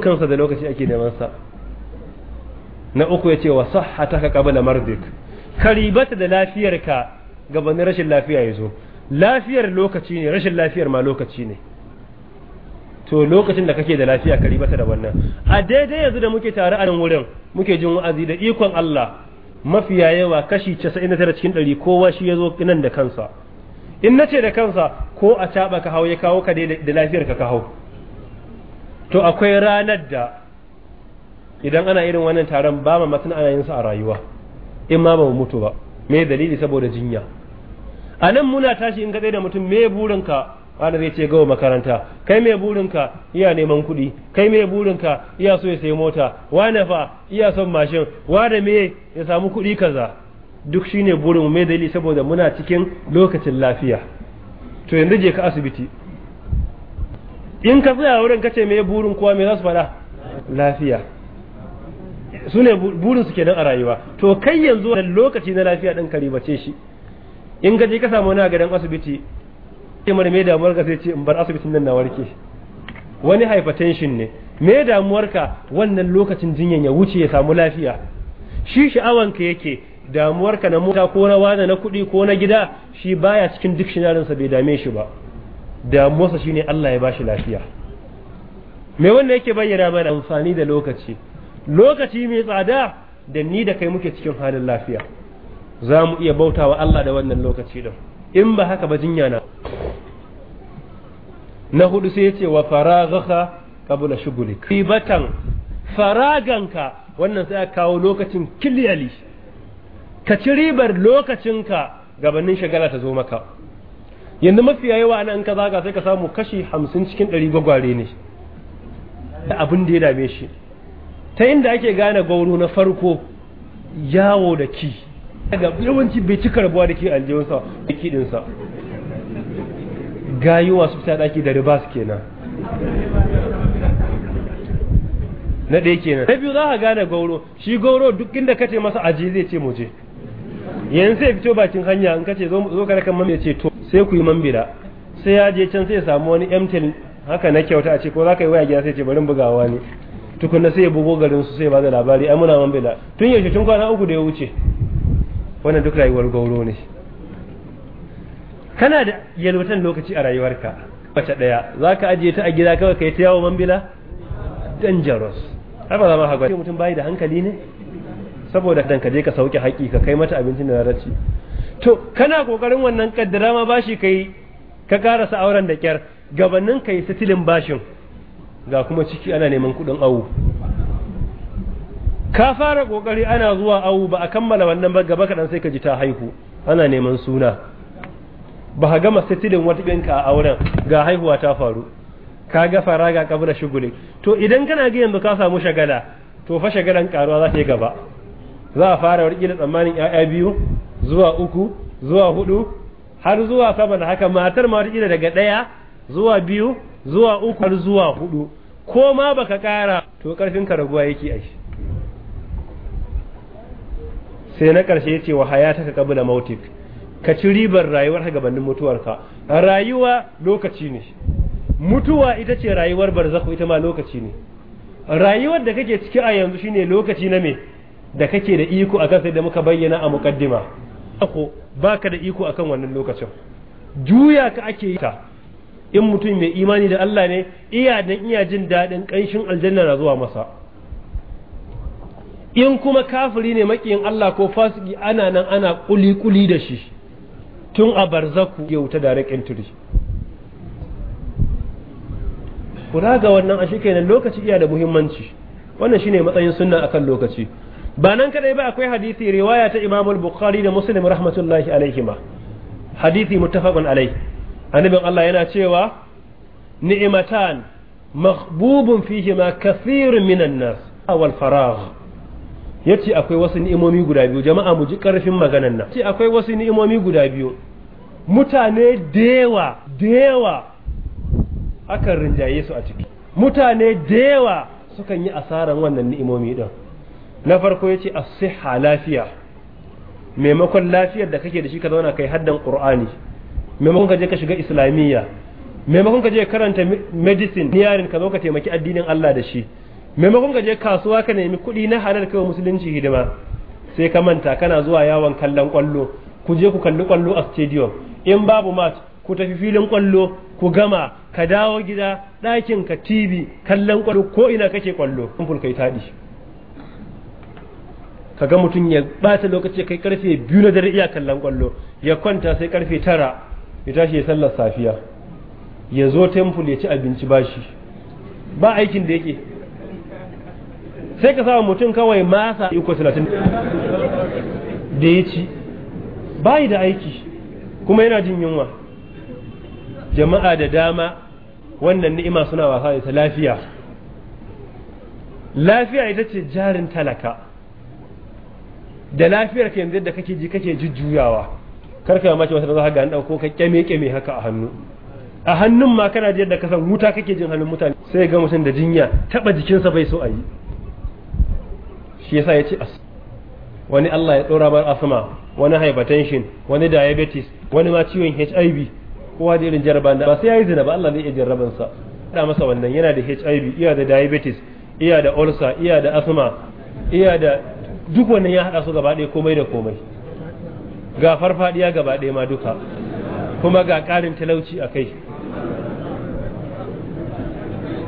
kansa da lokaci ake neman sa na uku yace wa sahhataka qabla mardik karibata da lafiyarka gabanin rashin lafiya yazo lafiyar lokaci ne rashin lafiyar ma lokaci ne to lokacin da kake da lafiya ka ribata da wannan a daidai yanzu da muke tare a nan wurin muke jin wa'azi da ikon Allah mafiya yawa kashi 99 cikin 100 kowa shi yazo nan da kansa in nace da kansa ko a taba ka hau ya kawo ka da lafiyar ka ka hau to akwai ranar da idan ana irin wannan taron ba ma mutun ana yin sa a rayuwa in ma ba mutu ba me dalili saboda jinya anan muna tashi in ka da mutum me burin ka. wani zai ce gawa makaranta kai mai burinka iya neman kuɗi kai mai burinka iya so ya sayi mota wane fa iya son mashin wane me ya samu kuɗi kaza duk shine burin mai dalili saboda muna cikin lokacin lafiya to yanzu je ka asibiti in ka tsaya wurin kace me burin kowa me za su faɗa lafiya su ne burinsu kenan a rayuwa to kai yanzu lokaci na lafiya ɗin ka ribace shi in ka je ka samu wani a gadon asibiti ce mara me damuwar ka sai ce in bar asibitin nan na warke wani hypertension ne me damuwar ka wannan lokacin jinyan ya wuce ya samu lafiya shi sha'awan ka yake damuwar ka na mota ko na wani na kuɗi ko na gida shi baya cikin dictionary sa bai dame shi ba damuwarsa shine Allah ya bashi lafiya me wanda yake bayyana mana amfani da lokaci lokaci mai tsada da ni da kai muke cikin halin lafiya za mu iya bautawa Allah da wannan lokaci din in ba haka ba jinya na na hudu sai ya ce wa faraghaka qabla shughlik ribatan faraganka wannan sai kawo lokacin kiliyali ka ci ribar lokacinka gabanin shagala ta zo maka yanzu mafi yawa nan ka zaga sai ka samu kashi hamsin cikin ɗari gwagware ne da abin da ya dame shi ta inda ake gane gauro na farko yawo da ki daga yawanci bai ci karbuwa da ke aljihunsa da ki ɗinsa gayuwa su fita daki da riba kenan na ɗaya kenan na biyu za ka gane gauro shi gauro duk inda kace masa aji zai ce muje yanzu sai fito bakin hanya in kace zo zo ka kan mamaye ce to sai ku yi mambila sai ya je can sai ya samu wani mtn haka na kyauta a ce ko za ka yi waya gida sai ce bari bugawa ne tukunna sai ya bugo garin su sai ba da labari ai muna mambila tun yaushe tun kwana uku da ya wuce wannan duk rayuwar gauro ne kana da yalwatan lokaci a rayuwarka mace daya zaka ajiye ta a gida kawai kai ta yawo mambila dangerous har ba za ma hagwa mutum bai da hankali ne saboda dan ka je ka sauke haƙi ka kai mata abincin da za ci to kana kokarin wannan kaddara ma bashi kai ka karasa auren da kyar gabanin kai sitilin bashin ga kuma ciki ana neman kuɗin awu ka fara kokari ana zuwa awu ba a kammala wannan ba gaba kaɗan sai ka ji ta haihu ana neman suna ba ka gama sitilin wata ɗinka a auren ga haihuwa ta faru ka ga fara ga kabila shugule to idan kana ga yanzu ka samu shagala to fa shagalan karuwa za ta yi gaba za a fara warki da tsammanin ƴaƴa biyu zuwa uku zuwa hudu har zuwa sama da haka matar ma warki daga ɗaya zuwa biyu zuwa uku har zuwa hudu ko ma baka kara to karfin ka raguwa yake a sai na ƙarshe ya ce wa ka kabila mautik ka ci ribar rayuwar gabanin mutuwarka rayuwa lokaci ne mutuwa ita ce rayuwar barzaku ita ma lokaci ne rayuwar da kake ciki a yanzu shine lokaci na me da kake da iko akan sai da muka bayyana a muqaddima ko baka da iko akan wannan lokacin juya ka ake yi ta in mutum mai imani da Allah ne iya dan iya jin daɗin ƙanshin aljanna na zuwa masa in kuma kafiri ne makiyin Allah ko fasiki ana nan ana kuli kuli da shi tun a barzaku ya wuta direct entry kula ga wannan a kenan lokaci iya da muhimmanci wannan shine matsayin sunna akan lokaci ba nan kadai ba akwai hadisi riwaya ta Imam bukhari da Muslim rahmatullahi alaihima hadisi muttafaqun alai annabin Allah yana cewa ni'matan maghbubun fihima kathirun minan nas awal faragh yace akwai wasu ni'imomi guda biyu jama'a mu ji karfin maganan nan ce akwai wasu ni'imomi guda biyu mutane dewa dewa akan rinjaye su a ciki mutane dewa sukan yi asaran wannan ni'imomi din na farko yace ce sihha lafiya maimakon lafiyar da kake da shi ka zauna kai haddan qur'ani maimakon ka je ka shiga islamiyya maimakon ka je karanta medicine niyarin ka zo ka taimaki addinin Allah da shi maimakon ka je kasuwa ka nemi kuɗi na halal kai musulunci hidima sai ka manta kana zuwa yawon kallon kwallo ku je ku kalli kwallo a stadium in babu match ku tafi filin kwallo ku gama ka dawo gida ɗakin ka tv kallon kwallo ko ina kake kwallo kun kai taɗi ka ga mutum ya bata lokaci kai karfe biyu na dare iya kallon kwallo ya kwanta sai karfe tara ya tashi ya sallar safiya ya zo temple ya ci abinci bashi ba aikin da yake sai ka samu mutum kawai masa iko talatin da ya ci bayi da aiki kuma yana jin yunwa jama'a da dama wannan ni'ima suna wasa da ta lafiya lafiya ita ce jarin talaka da lafiyar ka yanzu da kake ji kake jujjuyawa karka ya mace wata za ga an dauko ka kyame kyame haka a hannu a hannun ma kana ji yadda ka san wuta kake jin hannun mutane sai ga mutum da jinya Taɓa jikinsa bai so a yi shi yasa ya ce as wani Allah ya ɗora mar asma wani hypertension wani diabetes wani ma ciwon HIV kowa da irin jarraba ba sai yayi zina ba Allah zai iya jarraban sa da masa wannan yana da HIV iya da diabetes iya da ulcer iya da asma iya da duk wannan ya hada su gaba ɗaya komai da komai ga farfadiya gaba ɗaya ma duka kuma ga ƙarin talauci a kai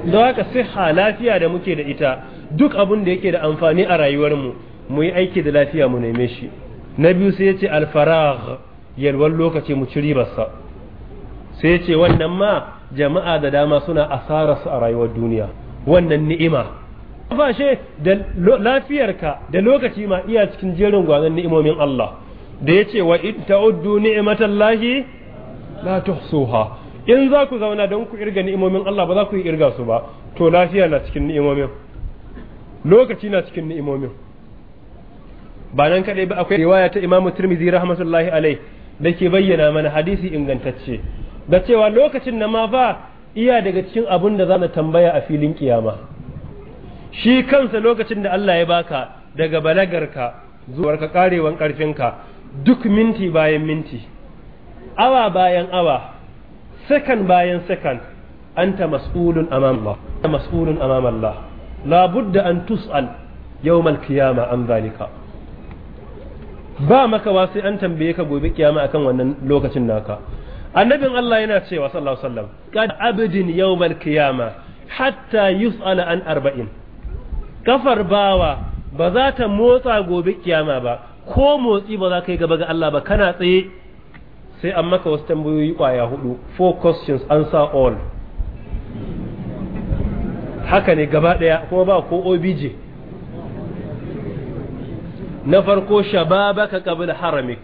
don haka siha lafiya da muke da ita duk abin da yake da amfani a rayuwarmu mu yi aiki da lafiya mu neme shi na biyu sai ya ce alfarag yalwar lokaci mu ci ribarsa sai ya ce wannan ma jama'a da dama suna asararsu a rayuwar duniya wannan ni'ima fashe da lafiyarka da lokaci ma iya cikin jerin gwanon ni'imomin Allah da ya ce wa in ta'uddu Lahi? la tuhsuha in za ku zauna don ku irga ni'imomin Allah ba za ku irga su ba to lafiya na cikin ni'imomin lokaci na cikin ni'imomin ba nan kadai ba akwai riwaya ta imamu Tirmidhi rahmatullahi alai da ke bayyana mana hadisi ingantacce da cewa lokacin na ma fa iya daga cikin abun da za na tambaya a filin kiyama shi kansa lokacin da Allah ya baka daga balagarka ka karewan karfinka duk minti bayan minti awa bayan awa sakan bayan sakan anta mas'ulun amama Allah mas'ulun amama Allah labudda an tus'al yawmal qiyama an zalika ba makawa sai an tambaye ka gobe kiyama akan wannan lokacin naka annabin Allah yana cewa sallallahu alaihi wasallam kad abdin yawmal hatta yus'ala an arba'in kafar bawa ba za ta motsa gobe kiyama ba ko motsi ba za ka yi gaba ga Allah ba kana tsaye sai an maka wasu tambayoyi kwaya hudu four questions answer all haka ne gaba ɗaya kuma ba ko obj na farko shababaka qabla haramik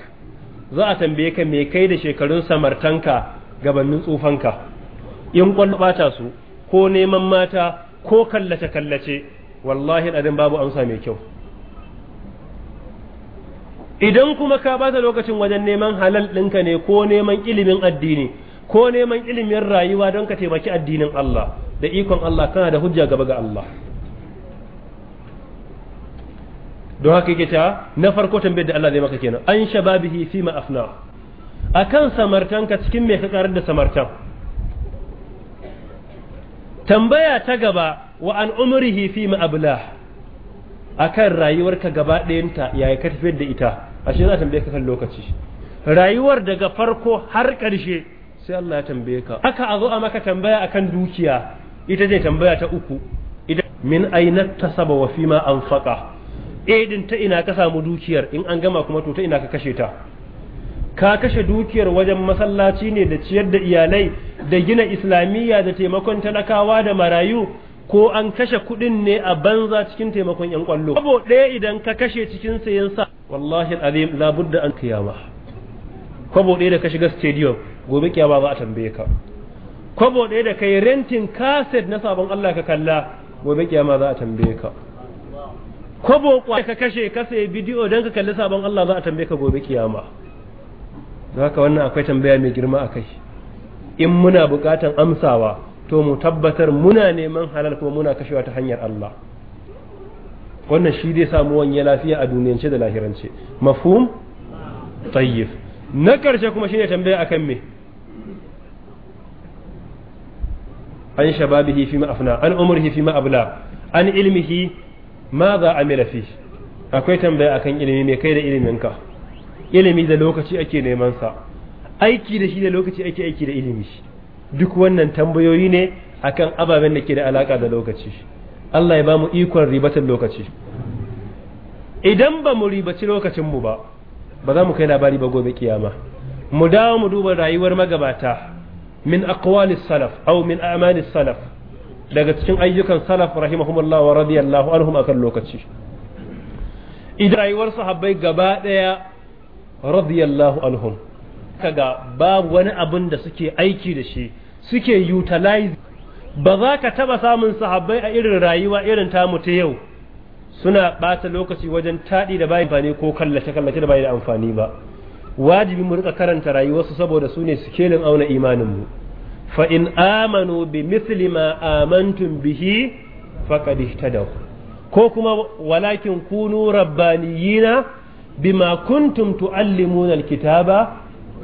za a tambaye ka me kai da shekarun samartanka gabanin tsufanka in kwallo bata su ko neman mata ko kallace kallace wallahi ɗarin babu amsa mai kyau idan kuma ka bata lokacin wajen neman halal ɗinka ne ko neman ilimin addini ko neman ilimin rayuwa don ka taimaki addinin Allah da ikon Allah kana da hujja gaba ga Allah don haka yake ta na farko tambayar da Allah zai maka kenan an shababihi fi ma afna akan samartanka cikin me ka karar da samartan tambaya ta gaba wa an umrihi fi ma abla akan rayuwarka gaba ɗayanta yayi ka tafiyar da ita ashe za tambaye ka kan lokaci rayuwar daga farko har ƙarshe sai Allah ya tambaye ka haka a zo a maka tambaya a kan dukiya ita ce tambaya ta uku idan min aina tasaba wa fima anfaqa edin eh, ta ina ka samu dukiyar in an gama kuma to ta ina ka kashe ta ka kashe dukiyar wajen masallaci ne da ciyar da iyalai da gina islamiyya da taimakon talakawa da marayu ko an kashe kuɗin ne a banza cikin taimakon 'yan kwallo. Sabo ɗaya idan ka kashe cikin sayan sa, wallahi al'azim labudda an kiyama. kwabo ɗaya da ka shiga stadium gobe kiyama za a tambaye ka kwabo ɗaya da kai rentin kaset na sabon Allah ka kalla gobe kiyama za a tambaye ka kwabo kwa ka kashe ka sai bidiyo don ka kalli sabon Allah za a tambaye ka gobe kiyama don haka wannan akwai tambaya mai girma a kai in muna buƙatan amsawa to mu tabbatar muna neman halal kuma muna kashewa ta hanyar Allah wannan shi dai samu wanye lafiya a duniyance da lahirance mafhum tayyib na ƙarshe kuma shine tambaya akan me an shababihi fi ma'afina an Umar fi abla an ilmihi ma za amila fi akwai tambaya akan ilimi mai kai da iliminka ilimi da lokaci ake neman sa aiki da shi da lokaci ake aiki da ilimi duk wannan tambayoyi ne akan ababen da ke da alaka da lokaci Allah ya ba mu ikon ribatar lokaci idan ba mu ribaci lokacinmu ba ba za mu kai labari ba gobe kiyama mu dawo mu duba rayuwar magabata min aqwali salaf aw min amani salaf daga cikin ayyukan salaf rahimahumullah wa radiyallahu anhum akan lokaci idan rayuwar sahabbai gaba daya radiyallahu anhum kaga babu wani abin da suke aiki da shi suke utilize ba za ka taba samun sahabbai a irin rayuwa irin tamu ta yau suna ɓata lokaci wajen taɗi da bayan amfani ko kallace kallace da bayan amfani ba wajibi mu rika karanta rayuwarsu saboda su ne sikelin auna imaninmu fa in amanu bi mithli ma amantum bihi faqad ihtadaw ko kuma walakin kunu rabbaniyina bima kuntum tuallimuna alkitaba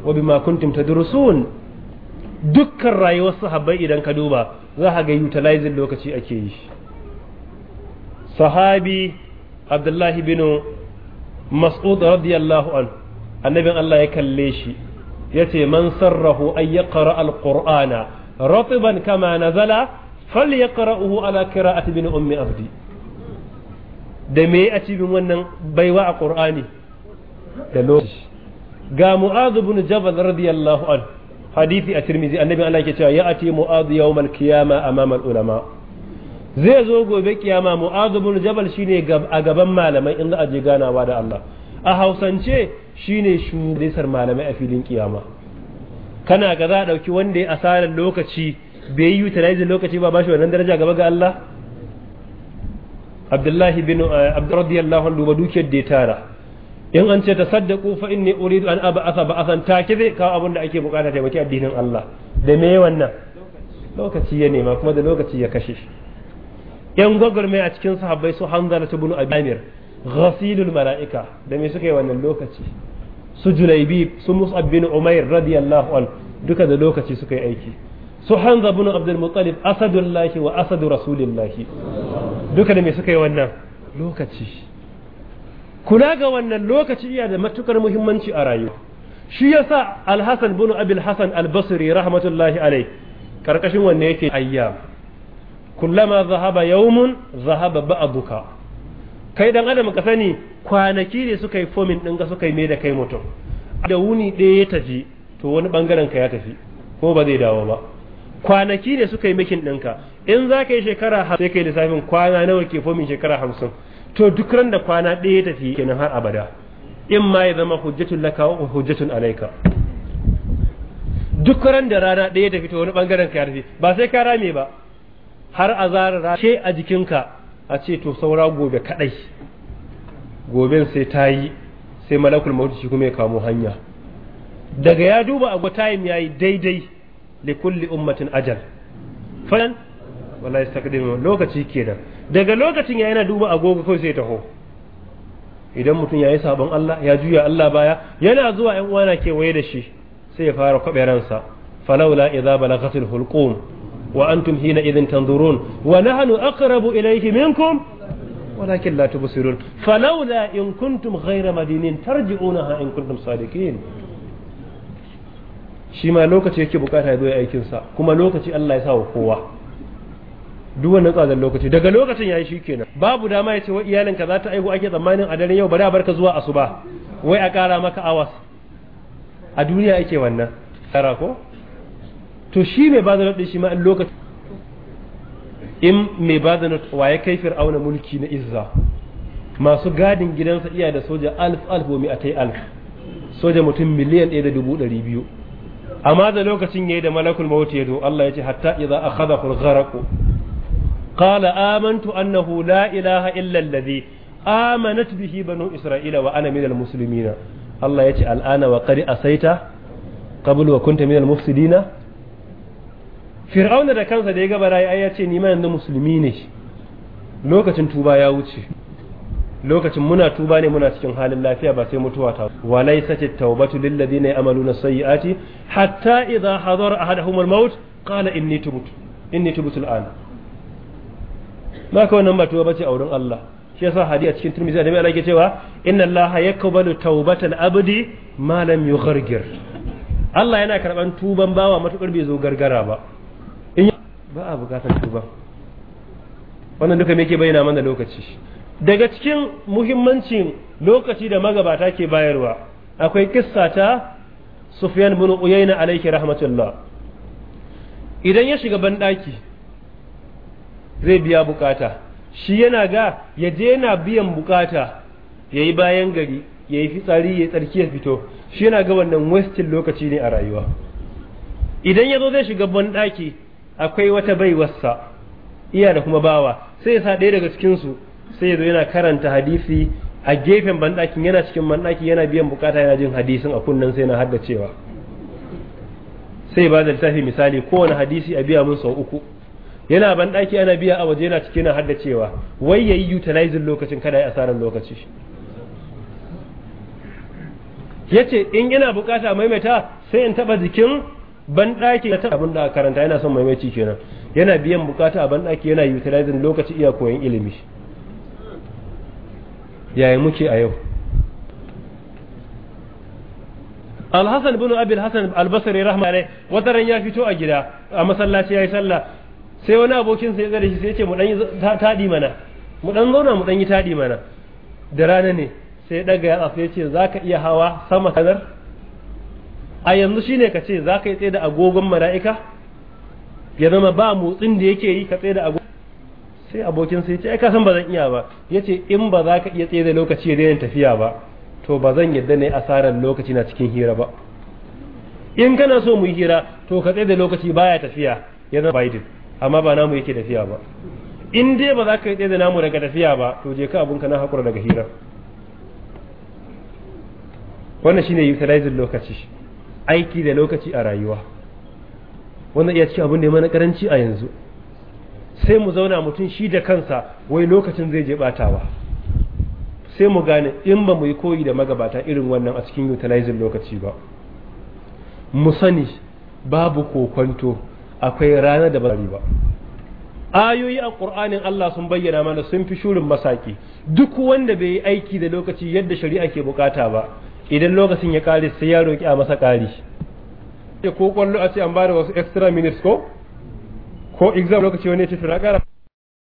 wa bima kuntum tadrusun dukkan rayuwar sahabbai idan ka duba za ka ga utilizing lokaci ake yi sahabi abdullahi bin mas'ud radiyallahu anhu annabin Allah ya kalle shi ya ce man sarrahu an yaqra alqur'ana ratiban kama na zala, nazala falyaqra'uhu ala qira'ati bin ummi abdi da me a cibin wannan baiwa a ƙur'ani? da lokaci ga mu'adh bin jabal radiyallahu anhu hadisi a tirmizi annabi Allah ya yake cewa ya'ati mu'adh yawmal qiyama amama al ulama zai zo gobe kiyama mu'adhu bin jabal shine a gaban malamai in za a je ganawa da Allah a hausance shine shugaban malamai a filin kiyama kana ga za a dauki wanda ya asarar lokaci bai yi utilize lokaci ba bashi wannan daraja gaba ga Allah Abdullahi bin eh, Abdurradiyallahu anhu ba dukiyar da ya tara in an ce tasaddaqu fa inni uridu an ab'atha ba'athan ta zai kawo abin da ake bukata taimaki addinin Allah da me wannan lokaci ya nema kuma da lokaci ya kashe shi yan gwagwarmai a cikin sahabbai su hanzala ta bunu abamir ghasilul mala'ika da me suka yi wannan lokaci su julaibi su mus'ab bin umair radiyallahu an duka da lokaci suka yi aiki su hanza bin abdul muttalib asadullahi wa asadu rasulillahi duka da me suka yi wannan lokaci kula ga wannan lokaci iya da matukar muhimmanci a rayuwa shi yasa alhasan bin abil hasan albasri rahmatullahi alai karkashin wanne yake ayyam kullama zahaba yawmun zahaba ba'duka kai dan adam ka sani kwanaki ne suka yi fomin ɗinka suka yi mai da kai mutum da wuni ɗaya ya tafi to wani bangaren ka ya tafi ko ba zai dawo ba kwanaki ne suka yi makin ɗinka in za ka yi shekara hamsin sai ka yi lissafin kwana nawa ke fomin shekara hamsin to duk ran da kwana ɗaya ya tafi kenan har abada in ma ya zama hujjatun laka wa hujjatun alaika duk ran da rana ɗaya ya tafi to wani bangaren ka ya tafi ba sai ka rame ba har a zarar ce a jikinka a ce to saura gobe kadai goben sai ta yi sai malakul mauti shi kuma ya kamo hanya daga ya duba ago time yi daidai li kulli ummatin ajal falan wallahi istaqdimu lokaci kenan daga lokacin ya yana duba agogo kawai sai taho idan mutum ya yi sabon Allah ya juya Allah baya yana zuwa yan uwana kewaye da shi sai ya fara kwabe ransa falaula idza balaghatil hulqum wa antum hina idhin tanzurun wa nahnu aqrabu ilayhi minkum ولكن لا تبصرون فلولا إن كنتم غير مدينين ترجعونها إن كنتم صادقين shi ma lokaci yake bukata ya zo ya aikinsa kuma lokaci Allah ya sa wa kowa duk wannan tsadar lokaci daga lokacin yayi shikenan babu dama ya ce wa iyalinka za ta aihu ake tsammanin a daren yau bari a barka zuwa asuba wai a kara maka awas a duniya ake wannan kara ko to shi mai ba da not shi ma in lokaci in mai ba da not waye kai fir'auna mulki na izza masu gadin gidansa iya da soja alf alf wa mi'atai alf soja mutum miliyan ɗaya da dubu ɗari biyu amma da lokacin yayi da malakul maut ya zo Allah ya ce hatta iza akhadha al-gharq qala amantu annahu la ilaha illa alladhi amanat bihi banu isra'ila wa ana minal muslimina Allah ya ce al'ana wa qad asaita qablu wa kunta minal mufsidina fir'auna da kansa da ya gaba rayi ai ya ce ni ma yanzu musulmi ne lokacin tuba ya wuce lokacin muna tuba ne muna cikin halin lafiya ba sai mutuwa ta wa laysa at-taubatu lil ladina yamaluna sayyiati hatta idha hadara ahaduhum al-maut qala inni tubtu inni tubtu al-an ba ka wannan batuwa bace a wurin Allah shi yasa hadiya cikin Tirmidhi da Allah yake cewa inna Allah yakbalu tawbatal abdi ma lam yughargir Allah yana karban tuban bawa matukar bai zo gargara ba in ba a bukatar tuba wannan duka me ke bayyana mana lokaci daga cikin muhimmancin lokaci da magabata ke bayarwa akwai kissa ta Sufyan bin Uyayna alayhi rahmatullah idan ya shiga banɗaki zai biya bukata shi yana ga ya je yana biyan bukata ya yi bayan gari ya yi fitsari ya tsarki ya fito shi yana ga wannan wastin lokaci ne a rayuwa idan ya zo zai shiga banɗaki akwai wata baiwarsa iya da kuma bawa sai ya sa ɗaya daga cikinsu sai ya zo yana karanta hadisi a gefen banɗakin yana cikin banɗaki yana biyan bukata yana jin hadisin a kunnen sai na cewa. sai ba da littafi misali kowane hadisi a biya mun sau uku yana banɗaki ana biya a waje yana cikin hada cewa wai ya yi utilizing lokacin kada ya asarar lokaci ya in yana bukata maimaita sai in taɓa jikin ban ɗaki ta abin da karanta yana son maimaici kenan yana biyan bukata a ban ɗaki yana utilizing lokaci iya koyon ilimi yayi muke a yau alhassan bin abil hassan albasari rahmanai wata ran ya fito a gida a masallaci ya yi sallah sai wani abokin sai ya shi sai ce mu dan yi mana mu dan zauna mu dan yi taɗi mana da rana ne sai ya ɗaga ya ce za ka iya hawa sama kanar a yanzu shine ka ce za ka yi tsaye da agogon mala'ika ya zama ba motsin da yake yi ka tsaye da agogon sai abokin sai ce ai ka san ba zan iya ba yace in ba za ka iya tsaye da lokaci ya daina tafiya ba to ba zan yadda ne asarar lokaci na cikin hira ba in kana so mu yi hira to ka tsaye da lokaci baya tafiya ya zama baidin amma ba namu yake tafiya ba in dai ba za ka tsaye da namu daga tafiya ba to je ka abunka na hakura daga hira wannan shine utilizing lokaci aiki da lokaci a rayuwa wanda iya cikin abin da ya mana karanci a yanzu sai mu zauna mutum shi da kansa wai lokacin zai je batawa sai mu gane in ba mu yi koyi da magabata irin wannan a cikin utilizin lokaci ba mu sani babu kokwanto akwai rana da bari ba ayoyi a ƙur'anin Allah sun bayyana mana sun fi shurin masaki duk wanda bai yi aiki da lokaci yadda shari'a ke bukata ba idan lokacin ya kare sai ya roki a masa kari ko kwallo a ce an bada wasu extra minutes ko ko exam lokaci wani ya ce to